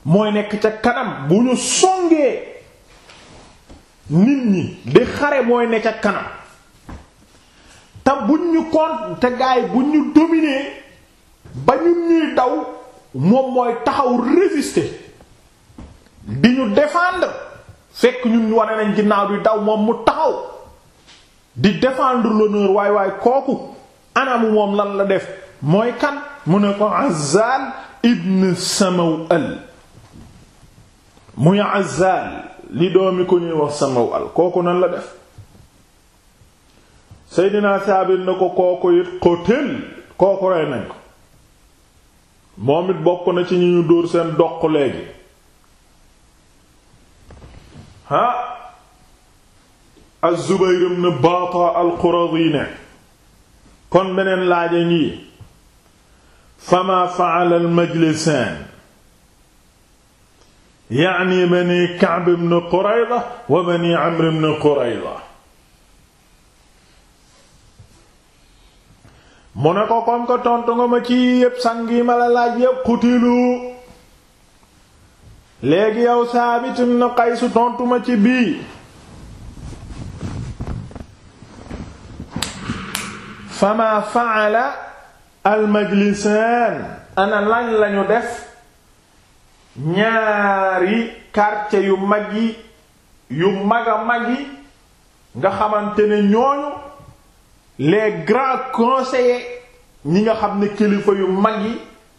mooy nekk ca kanam bu ñu songee nit ñi di xare mooy ne ca kanam te buñ ñu compte te gaay buñ ñu dominer ba ñun ñuy daw moom mooy taxaw résister di ñu défendre fekk ñun wane nañ ginnaaw di daw moom mu taxaw di défendre l'honneur waay waay kooku anamu moom lan la def mooy kan mu ne ko Azzaal ibn Samawal muy Azzaal li doomi ko ñuy wax Samawal kooku nan la def Seydina Saabit na ko kooku it xotel kooku rey nañ ko moom it bokk na ci ñu dóor seen doq léegi ha Az-Zubayr ibn Baata al-Quradi ne kon beneen laaja ngi fama fa'ala al-majlisaan ya'ni bani Ka'b ibn Qurayza wa bani Amr ibn Qurayza mu ne ko kon tontu nga ma ci yépp sang yi ma la laaj yépp xutilu léegi yow Saabit ibn Qays tontu ma ci bii fama faala almajlisaan ana lan lañu def ñaari karce yu mag yi yu mag a yi nga xamante ne ñooñu le grands conseillers ñi nga xam ne kilifa yu mag yi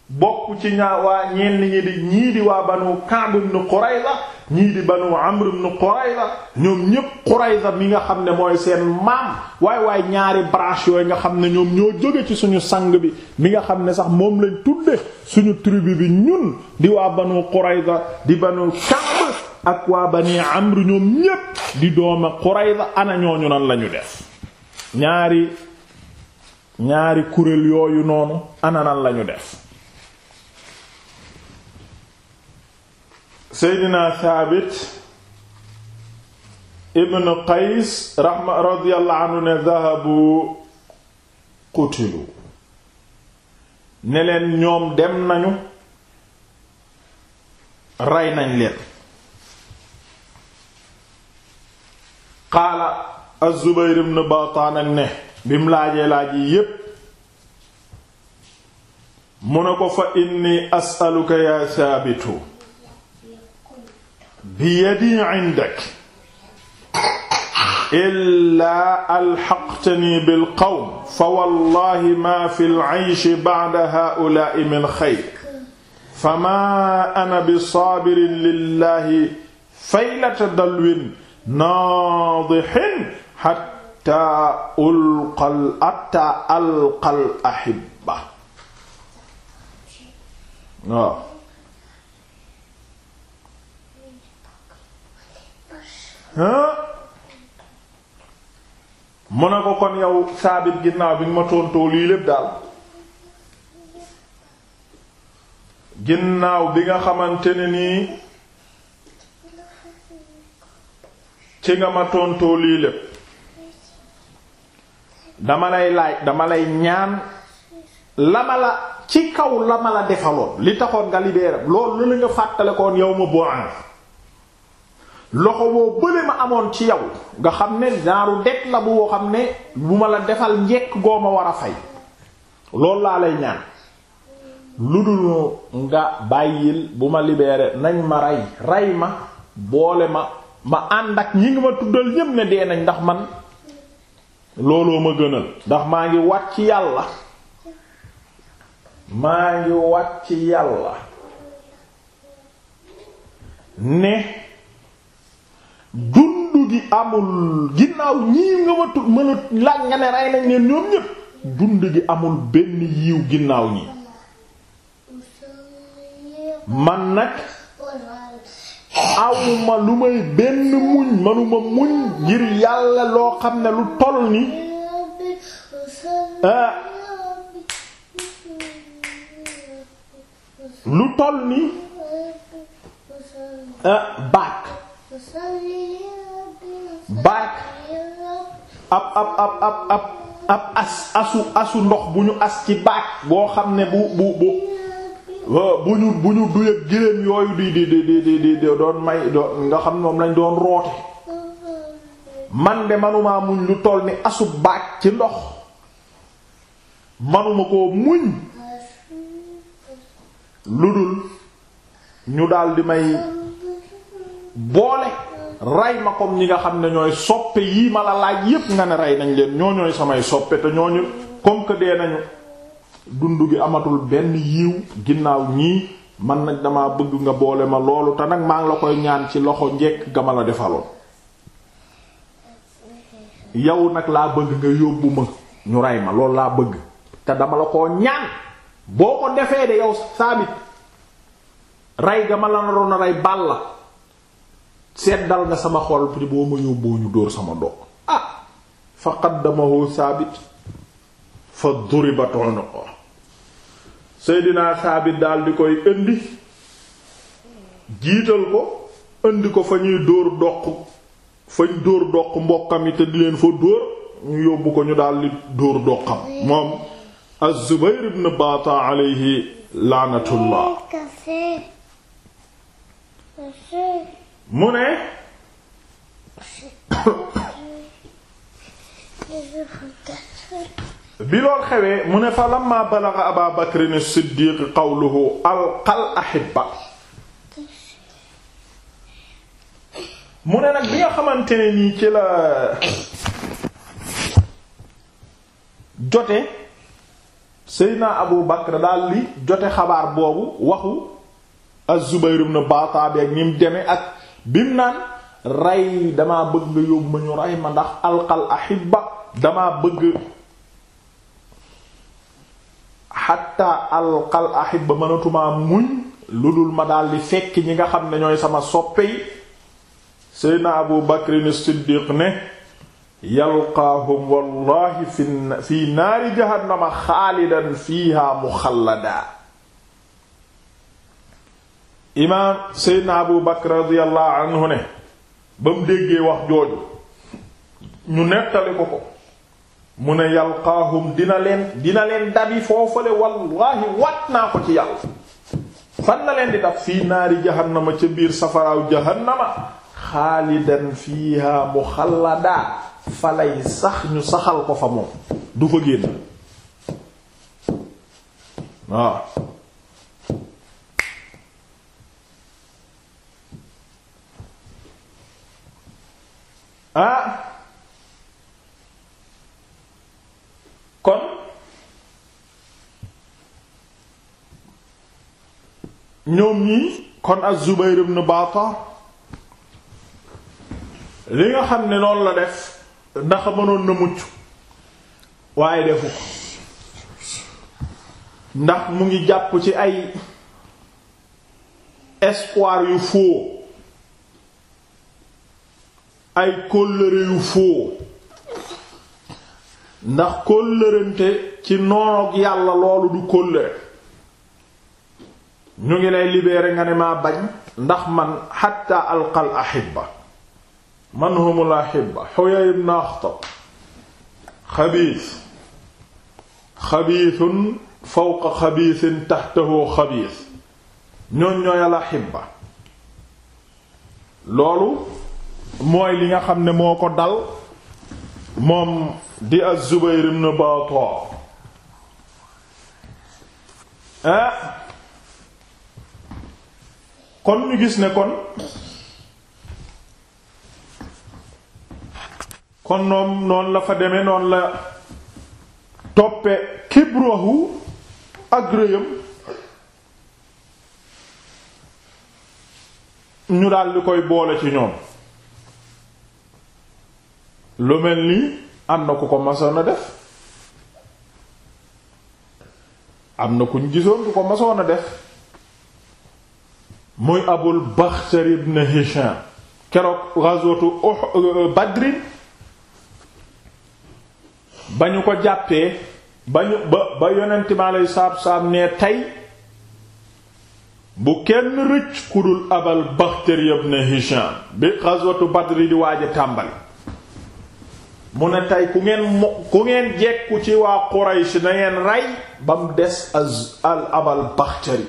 bokk ci ñaa waa ñenn ñi di ñii di waa banu Ka'b ibn Qurayza ñii di banu Amr ibn Qurayza ñoom ñépp Qurayza mi nga xam ne mooy seen maam waaye waaye ñaari branche yooyu nga xam ne ñoom ñoo jóge ci suñu sang bi mi nga xam ne sax moom lañ tudde suñu tribu bi ñun di waa banu Qurayza di banu Ka'b ak waa bani Amr ñoom ñépp di dooma Qurayza ana ñooñu nan lañu def ñaari ñaari kuréel yooyu noonu ananal lañu def seydina thabit ibn qays rahma radiyallahu anhu ne dhahabu qutilu ne ñoom dem nañu rey nañ leen qaala az-Zubayr ibn Bataan ak ne bi mu laajee laaj yi yépp mu ne ko fa inni as'aluka yaa Saabitu bi yadi indak illaa alxaqtani bil qawm fa wallaahi maa fil ayshi ba'da haa'ulaa'i min xayr famaa ana bisaabirin lillaahi faylata dalwin naadixin xatta ulqal xatta ko kon yow saabit ginnaaw bi nga ma tontoo lii lépp daal ginnaaw bi nga xamante ne nii ci nga ma tontoo lii lépp dama lay laaj dama lay ñaan la ma la ci kaw la ma la defaloon li taxoon nga libéré loolu lu la nga fàttalikoon yow ma boo loxo boo bële ma amoon ci yow nga xam ne genre det la bu woo xam ne bu ma la defal njekk goo ma war a fay loolu laa lay ñaan lu dul nga bàyyil bu ma libéré nañ ma rey rey ma boole ma ma ànd ak ñi ngi ma tuddal ñépp ne dee nañ ndax man looloo ma gënal ndax maa ngi wat ci yàlla maa ngi wat ci yàlla ne dund gi amul ginnaaw ñii nga ma tudd mën laaj nga ne rey nañ leen ñoom ñépp dund gi amul benn yiw ginnaaw ñi man nag awma lu may benn muñ manuma muñ ngir yàlla loo xam ne lu toll ni ah. lu toll ni ah, ab ab ab ab ab ab as asu asu ndox bu ñu as ci baak boo xam ne bu bu bu bu ñu bu ñu duyeg géléem yooyu di di di di doon may doon nga xam ne lañ doon roote man de manuma muñ lu toll ni asu baaj ci ndox manuma koo muñ lu dul ñu daal may boole rey ma comme ñi nga xam ne ñooy soppe yii ma la laaj yépp nga ne rey nañ leen ñoo ñooy samay soppe te ñooñu comme que dee nañu dund gi amatul benn yiw ginnaaw ñii man nag dama bëgg nga boole ma loolu te nag maa ngi la koy ñaan ci loxo njekk ga ma la defaloon yow nag laa bëgg nga yóbbu ma ñu rey ma loolu laa bëgg te dama la koo ñaan boo ko defee de yow saabit rey ga ma la naroon a rey bal la seddal nga sama xol boo ma yóbboo ñu dóor sama doom ah faqaddamahu saabit fa duribat unuqo seydinaa saabit dal koy indi jiital ko indi ko fa ñuy dóor doq fañ dóor doq mbokkam yi te di leen fa dóor ñu yóbbu ko ñu daldi dóor doqam moom az-Zubayr ibn Bata alayhi laanatullah mu ne bi lool xewee mu ne fa lamma balaga aba bakrin siddiq qawluhu alqal ahibba mu ne nag bi nga xamante ne nii ci la jote seydna abu bakr daal li jote xabaar boobu waxu az-zubayr ibn baataab ak ñi ak bim naan rey dama bëgg nga yóbbu ma ñu rey ma ndax alqal ahibba dama bëgg xatta alqal ahibba mënatumaa muñ lu dul ma daldi fekk ñi nga xam ne ñooy sama soppe yi seydna abu bakrin siddiq ne yalqaahum wallahi fi fi naari jahannama xaalidan fiiha muxalladaa imaam seydna abu bakr radiyallahu anhu ne ba mu déggee wax jooju ñu nettali ko ko mu ne yalqaahum dina leen dina leen dabi foofale wallaahi wat naa ko ci yàlla fan la leen di daf fii naari jahannama ca biir safaraaw jahannama xaalidan fiiha muxalladaa falay sax ñu saxal ko fa moom du fa génn waaw ah. kon ñoom ñii kon az-Zubayr ibn Bata li nga xam ne noonu la def ndaxa mënoon na mucc waaye defu ko ndax mu ngi jàpp ci ay espoir yu faux ay kóllëre yu faux ndax kóllërante ci noonoog yàlla loolu du kóllëre ñu ngi lay libéré nga ne maa bañ ndax man xatta alqal ahibba man humul ahibba Huyay ibn Akhtab xabiis xabiisun fawqa xabiisin taxtahu xabiis ñooñ ñooy loolu mooy li nga xam ne moo ko dal moom di ak zubayr ibn Bata ah kon ñu gis ne kon kon noom noonu la fa demee noonu la toppe kibrahu ak rëyam ñu daal koy boole ci ñoom lu mel nii am na ku ko masoon a def am na kuñ gisoon ku ko masoon a def muy abul baxtar ibn hisham keroog ghazwatu euh, badrin ba ñu ko jàppee ba ñu ba ba yonent mi aleyhi nee tey bu kenn rëcc ku dul abal baxtar ibn hisham bi ghazwatu badri di waaj a tàmbali mu ne tey ku ngeen mo ku ngeen jekku ci waa Quraysh na ngeen rey ba mu des az al abal Bakhtari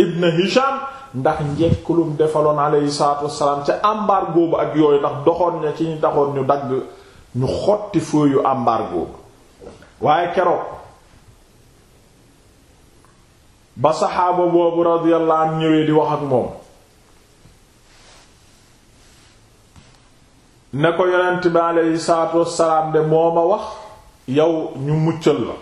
ibn Hisham ndax njekk lu mu defaloon alayhi salaatu wassalaam ca embargo ba ak yooyu ndax doxoon na ci ñu taxoon ñu dagg ñu xotti feu yu embargo ba waaye keroog ba saxaaba boobu radiyallahu anhu ñëwee di wax ak moom ne ko yonent bi aleyhi salaatu de moo ma wax yow ñu muccal la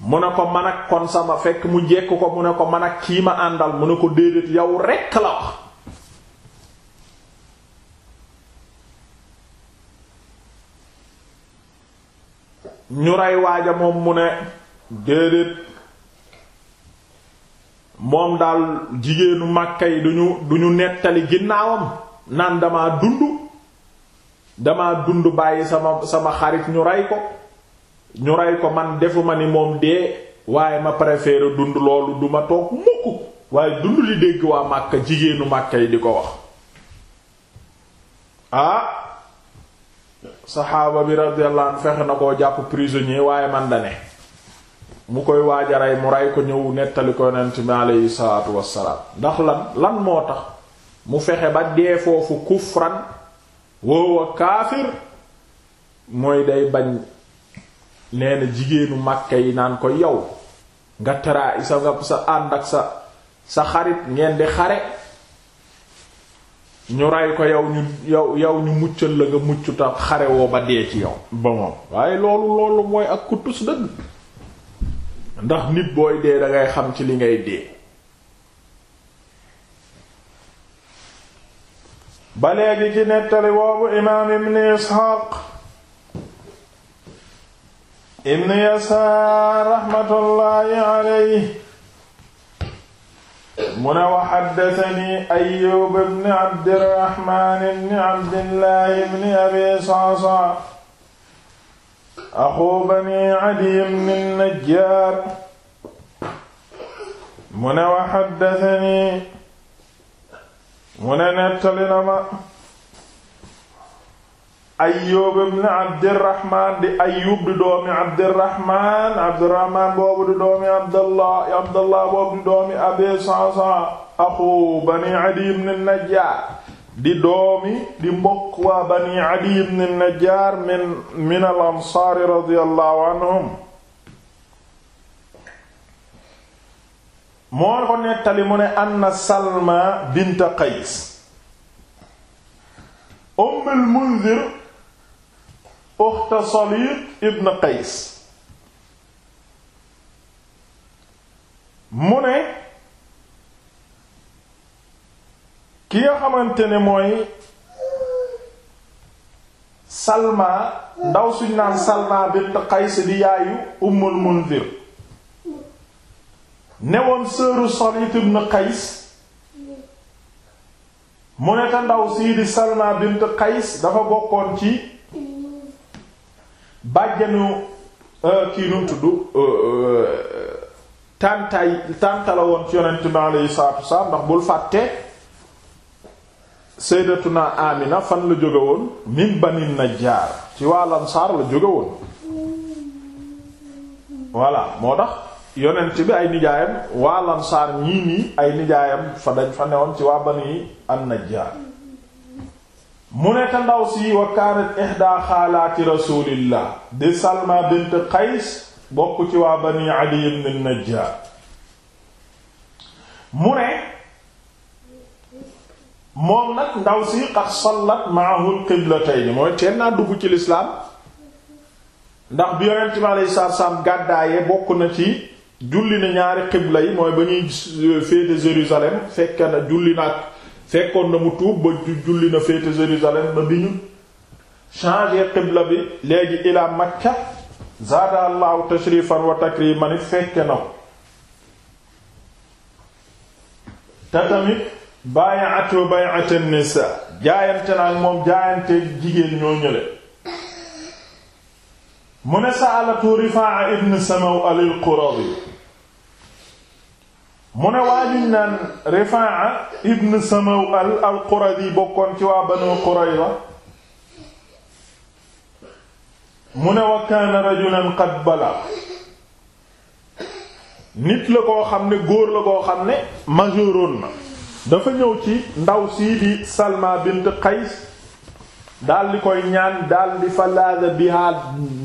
mu ne ko man ak kon sama fekk mu jekk ko mu ne ko man ak kii ma àndal mu ne ko déedéet yow rekk la wax ñu rey waaja moom mu ne déedéet moom daal jigéenu Makka yi duñu duñu nettali ginnaawam naan dama dund dama dund bàyyi sama sama xarit ñu rey ko ñu rey ko man defuma ni moom dee waaye ma préfère dund loolu duma toog mukk waaye dund li dégg waa Makka jigéenu Makka yi di ko wax ah saxaaba bi radiyallahu anhu na koo jàpp prisonnier waaye man da mu koy waaja rey mu rey ko ñëw nettalikoo ko yonent bi aleyhi salaatu wassalaam ndax lan lan moo tax mu fexe ba dee foofu kufran woowa kaafir mooy day bañ nee na jigéenu màkka yi naan ko yow nga tëraa sa nga sa ànd ak sa sa xarit ngeen di xare ñu rey ko yow ñu yow ñu muccal la nga mucc tax xare woo ba dee ci yow ba moom waaye loolu loolu mooy ak ku tus dëgg ndax nit booy dee dangay xam ci li ngay dee ba léegi ci nettali boobu imaam ibn isxaaq ibn yasaar raxmatullaahi alayhi mu ne wa xaddatani ibn abdirahmaan ibn abdillaahi ibn abi sa'sa'a axu bani Adiy ibn Najjaar mu ne wa xaddatani mu ne nettali na ma Ayyub ibn Abdirahmaan di Ayyub di doomi Abdirahmaan Abdirahmaan boobu di doomi Abdallah Abdallah boobu di doomi Abi Sa'sa axu bani Adiy ibn Najjaar di doomi di mbokk waa bani Adi ibn Najjar min min radiyallahu anhum moo ko nettali mu ne anna Salma bint Qays umm al Munzir uxt ibn Qays mu ne ki nga xamante ne mooy salma ndaw suñ naan salma bint qays di yaayu ummul munzir newoon sëru salit ibn qays mu ne te ndaw sii di salma bint qays dafa bokkoon ci bàjjanu euh, kii nu tudd euh, euh, tàntaay tàntala woon ci yonent bi alayhi salaatu wasalaam ndax bul fàtte saydatuna amina fan la jóge woon min bani ci waa lansaar la jóge woon voilà moo tax yonent bi ay nijaayam waa lansaar ñii nii ay nijaayam fa dañ fa newoon ci waa bani an najjaar mu ne te ndaw si wa kaanat ihda xaalaati rasulillah di salma bint qays bokk ci waa bani adi ibn najjaar mu ne moom nag ndaw si qad sallat ma'ahu qiblatayn mooy teen naa dugg ci lislaam ndax bi yonent mi alayhi salaatu gàddaaye bokk na ci julli na ñaari xibla yi mooy ba ñuy féete Jérusalem fekk na julli na ak fekkoon na mu tuub ba julli na féete Jérusalem ba bi ñu changé xibla bi léegi ila Makka zaada allahu tashrifan ma takriman fekke na te tamit baayaatu bayaata nisa jaayante na ak moom jaayante jigéen ñoo ñële mu ne saalatu rifaa ibn samaw alil quradi mu ne waajuñ naan rifaa ibn samaw al al quradi bokkoon ci waa banu qurayza mu ne wa kaana rajulan qad bala nit la koo xam ne góor la koo xam ne majuroon na dafa ñëw ci ndaw sii di Salma bint Qays daal di koy ñaan daldi di fa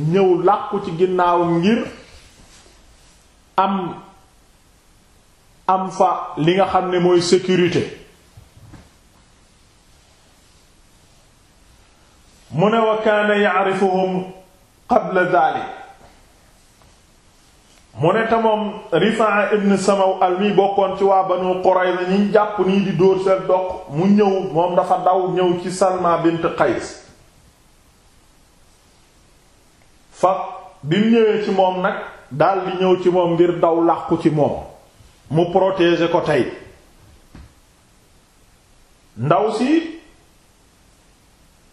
ñëw làqu ci ginnaaw ngir am am fa li nga xam ne mooy sécurité mu ne wa kaana ya'rifuhum qabla dhalik mu ne te moom Rifaa ibn Samaw al mi bokkoon ci waa ba Banu Qurayza ñi jàpp nii di dóor seen doq mu ñëw moom dafa daw ñëw ci Salma bint Qays fa bi mu ñëwee ci moom nag daldi ñëw ci moom ngir daw làqu ci moom mu protéger ko tey ndaw si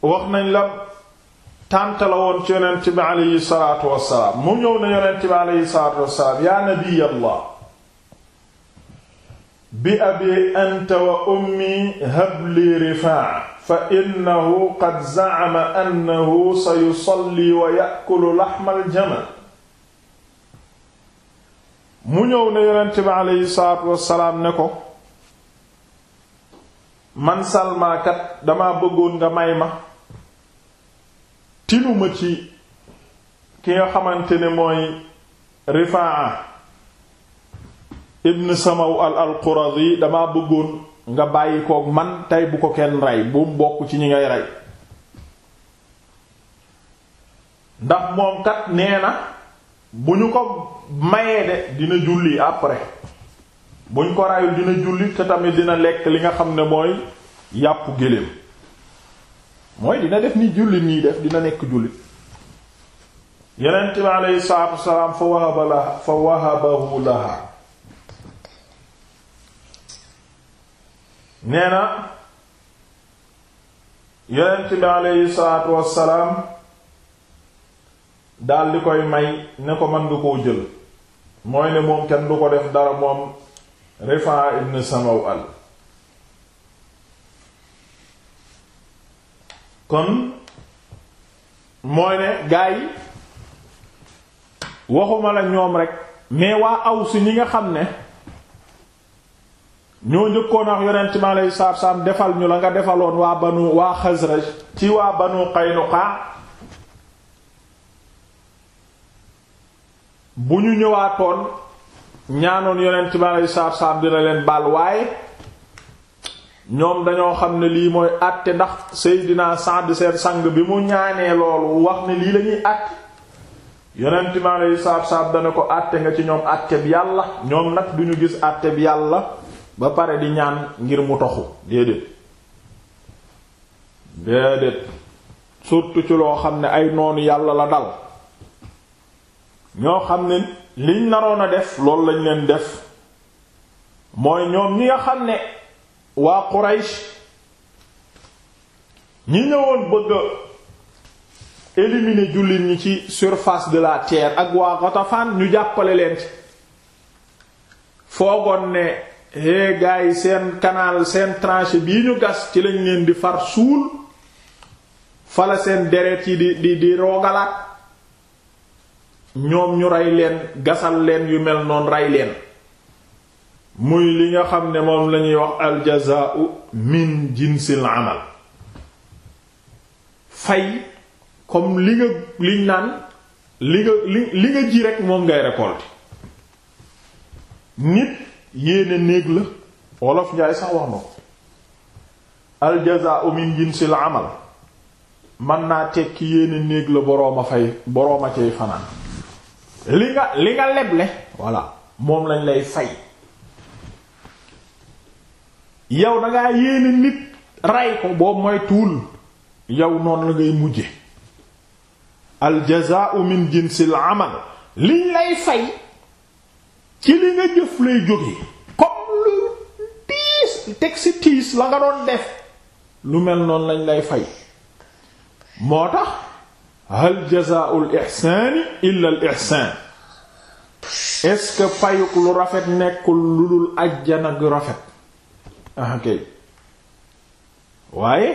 wax nañ la tànt la woon ci yonent bi aleyhi salaatu wassalaam mu ñëw na yonent bi aleyhi salaatu wassalaam yaa nabiyallah bi abi anta wa ummi habli rifaa fa innahu qad za'ama annahu sa wa ya'kulu laxmal jamal mu ñëw na yonent bi aleyhi salaatu wassalaam ne ko man salmaakat dama bëggoon nga may ma tinuma ci ki nga xamante ne mooy rifaa ibn samaw al yi dama bëggoon nga bàyyi koog man tey bu ko kenn rey bu bokk ci ñi ngay rey ndax moom kat nee na bu ñu ko mayee de dina julli après buñ ko reyul dina julli te tamit dina lekk li nga xam ne mooy yàpp géléem mooy dina def ni jullit nii def dina nekk jullit yonent bi aleyhi salaatu wasalaam fa wahaba laha fa wahabahu laha nee na yonent bi aleyhi salaatu wasalaam di koy may ne ko man nga koo jël mooy ne moom kenn du ko def dara moom Rifaa ibn Samaw al kon mooy ne gaa yi waxuma la ñoom rek mais waa aw Aws ñi nga xam ne ñoo njëkkoon ak yonent mi alayhi salaatu salaam defal ñu la nga defaloon waa banu waa Xasraj ci waa banu Qaynuqa bu ñu ñëwaatoon ñaanoon yonent mi alayhi salaatu salaam dina leen baal waaye ñoom dañoo xam ne lii mooy àtte ndax Seydina Saad seen sang bi mu ñaanee loolu wax ne lii la ñuy àtte yonent mi aleyhi salaatu salaam ko àtte nga ci ñoom àtte bi yàlla ñoom nag duñu gis àtte bi yàlla ba pare di ñaan ngir mu toxu déedéet déedéet ci loo xam ne ay noonu yàlla la dal ñoo xam ne liñ naroon a def loolu lañ leen def mooy ñoom ñi nga xam ne waa Quraysh ñi ñëwoon bëgg a éliminer jullit ñi ci surfaas de la terre ak waa Ghatafan ñu jàppale leen ci foogoon ne hé seen canal seen tranchée bii ñu gas ci lañ leen di far suul fala seen deret yi di di di roogalaat ñoom ñu rey leen gasal leen yu mel noonu rey leen muy li nga xam ne moom lañuy wax aljazaa'u min jinsil amal fay comme li nga liñ naan li nga li nga ji rek moom ngay récolter nit yéene néeg la wolof njaay sax wax na ko aljazaa'u min jinsil amal man naa tekki yéene néeg la borooma fay borooma cay fanaan li nga li nga leble voilà moom lañ lay fay yow dangaa yéene nit rey ko boobu mooy tuul yow noonu la ngay mujje aljazaa'u min jinsil amal liñ lay fay ci li nga jëf lay jóge comme lu tiis teg si tiis la nga doon def lu mel noonu lañ lay fay moo tax hal jazaa'u al ihsaan est-ce lu rafet nekkul lu dul ajjana gu rafet ah kay waaye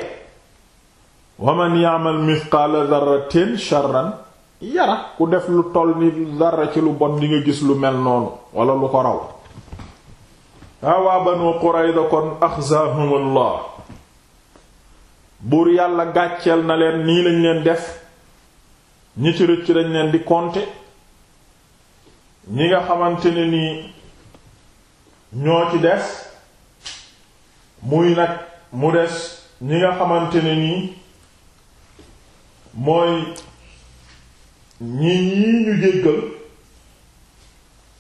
wa man ya'mal mithqala dharratin sharran yara ku def lu toll ni dara ci lu bon di nga gis lu mel noonu wala lu ko raw awaa ah, banu qurayda kon axzaahumullah buur yàlla gàcceel na leen nii lañ leen def ñi ci rëcc dañ leen di compter ñi nga xamante ne nii ñoo ci des muy nag mu des ñi nga xamante ne nii mooy ñi ñii ñu jéggal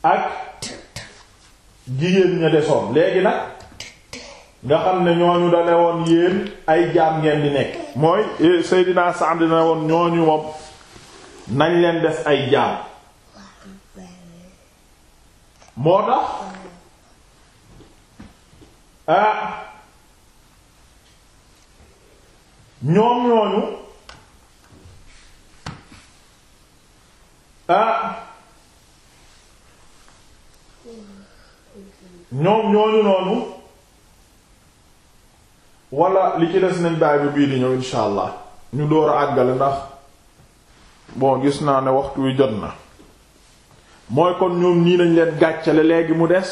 ak jigéen ña desoon léegi nag nga xam ne ñoo da ne yéen ay jaam ngeen di nekk mooy eh, Seydina Sa'd dana woon ñooñu moom nañ leen def ay jaam moo tax ah, Ah, ñoom ñooñu noonu wala li ci des nañ bàyyi bi bii di ñëw insha allah ñu door a àggale ndax bon gis naa ne waxtu wi jot na mooy kon ñoom nii nañ leen gàccale léegi mu des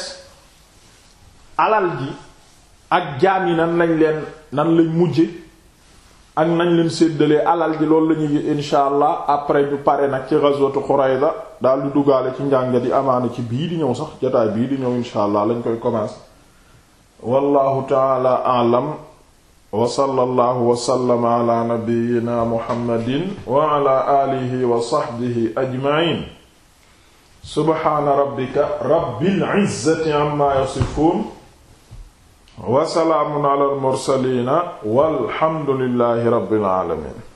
alal ji ak jaan yi nan lañ leen nan lañ mujje ak nañ leen séddalee alal ji loolu la ñuy allah après bu pare nag ci ghazwatu Qurayza daal di duggaale ci njàngat yi amaana ci bii di ñëw sax jotaay bii di ñëw incha allah lañ koy commencer wallahu ta'ala a'lam wa sallallahu wa sallama ala nabiyyina muhammadin wa ala wa sahbihi ajma'in subhana rabbika rabbil izzati amma yasifun wa salaamun ala al mursaliina walhamdulillahi rabbil aalamiin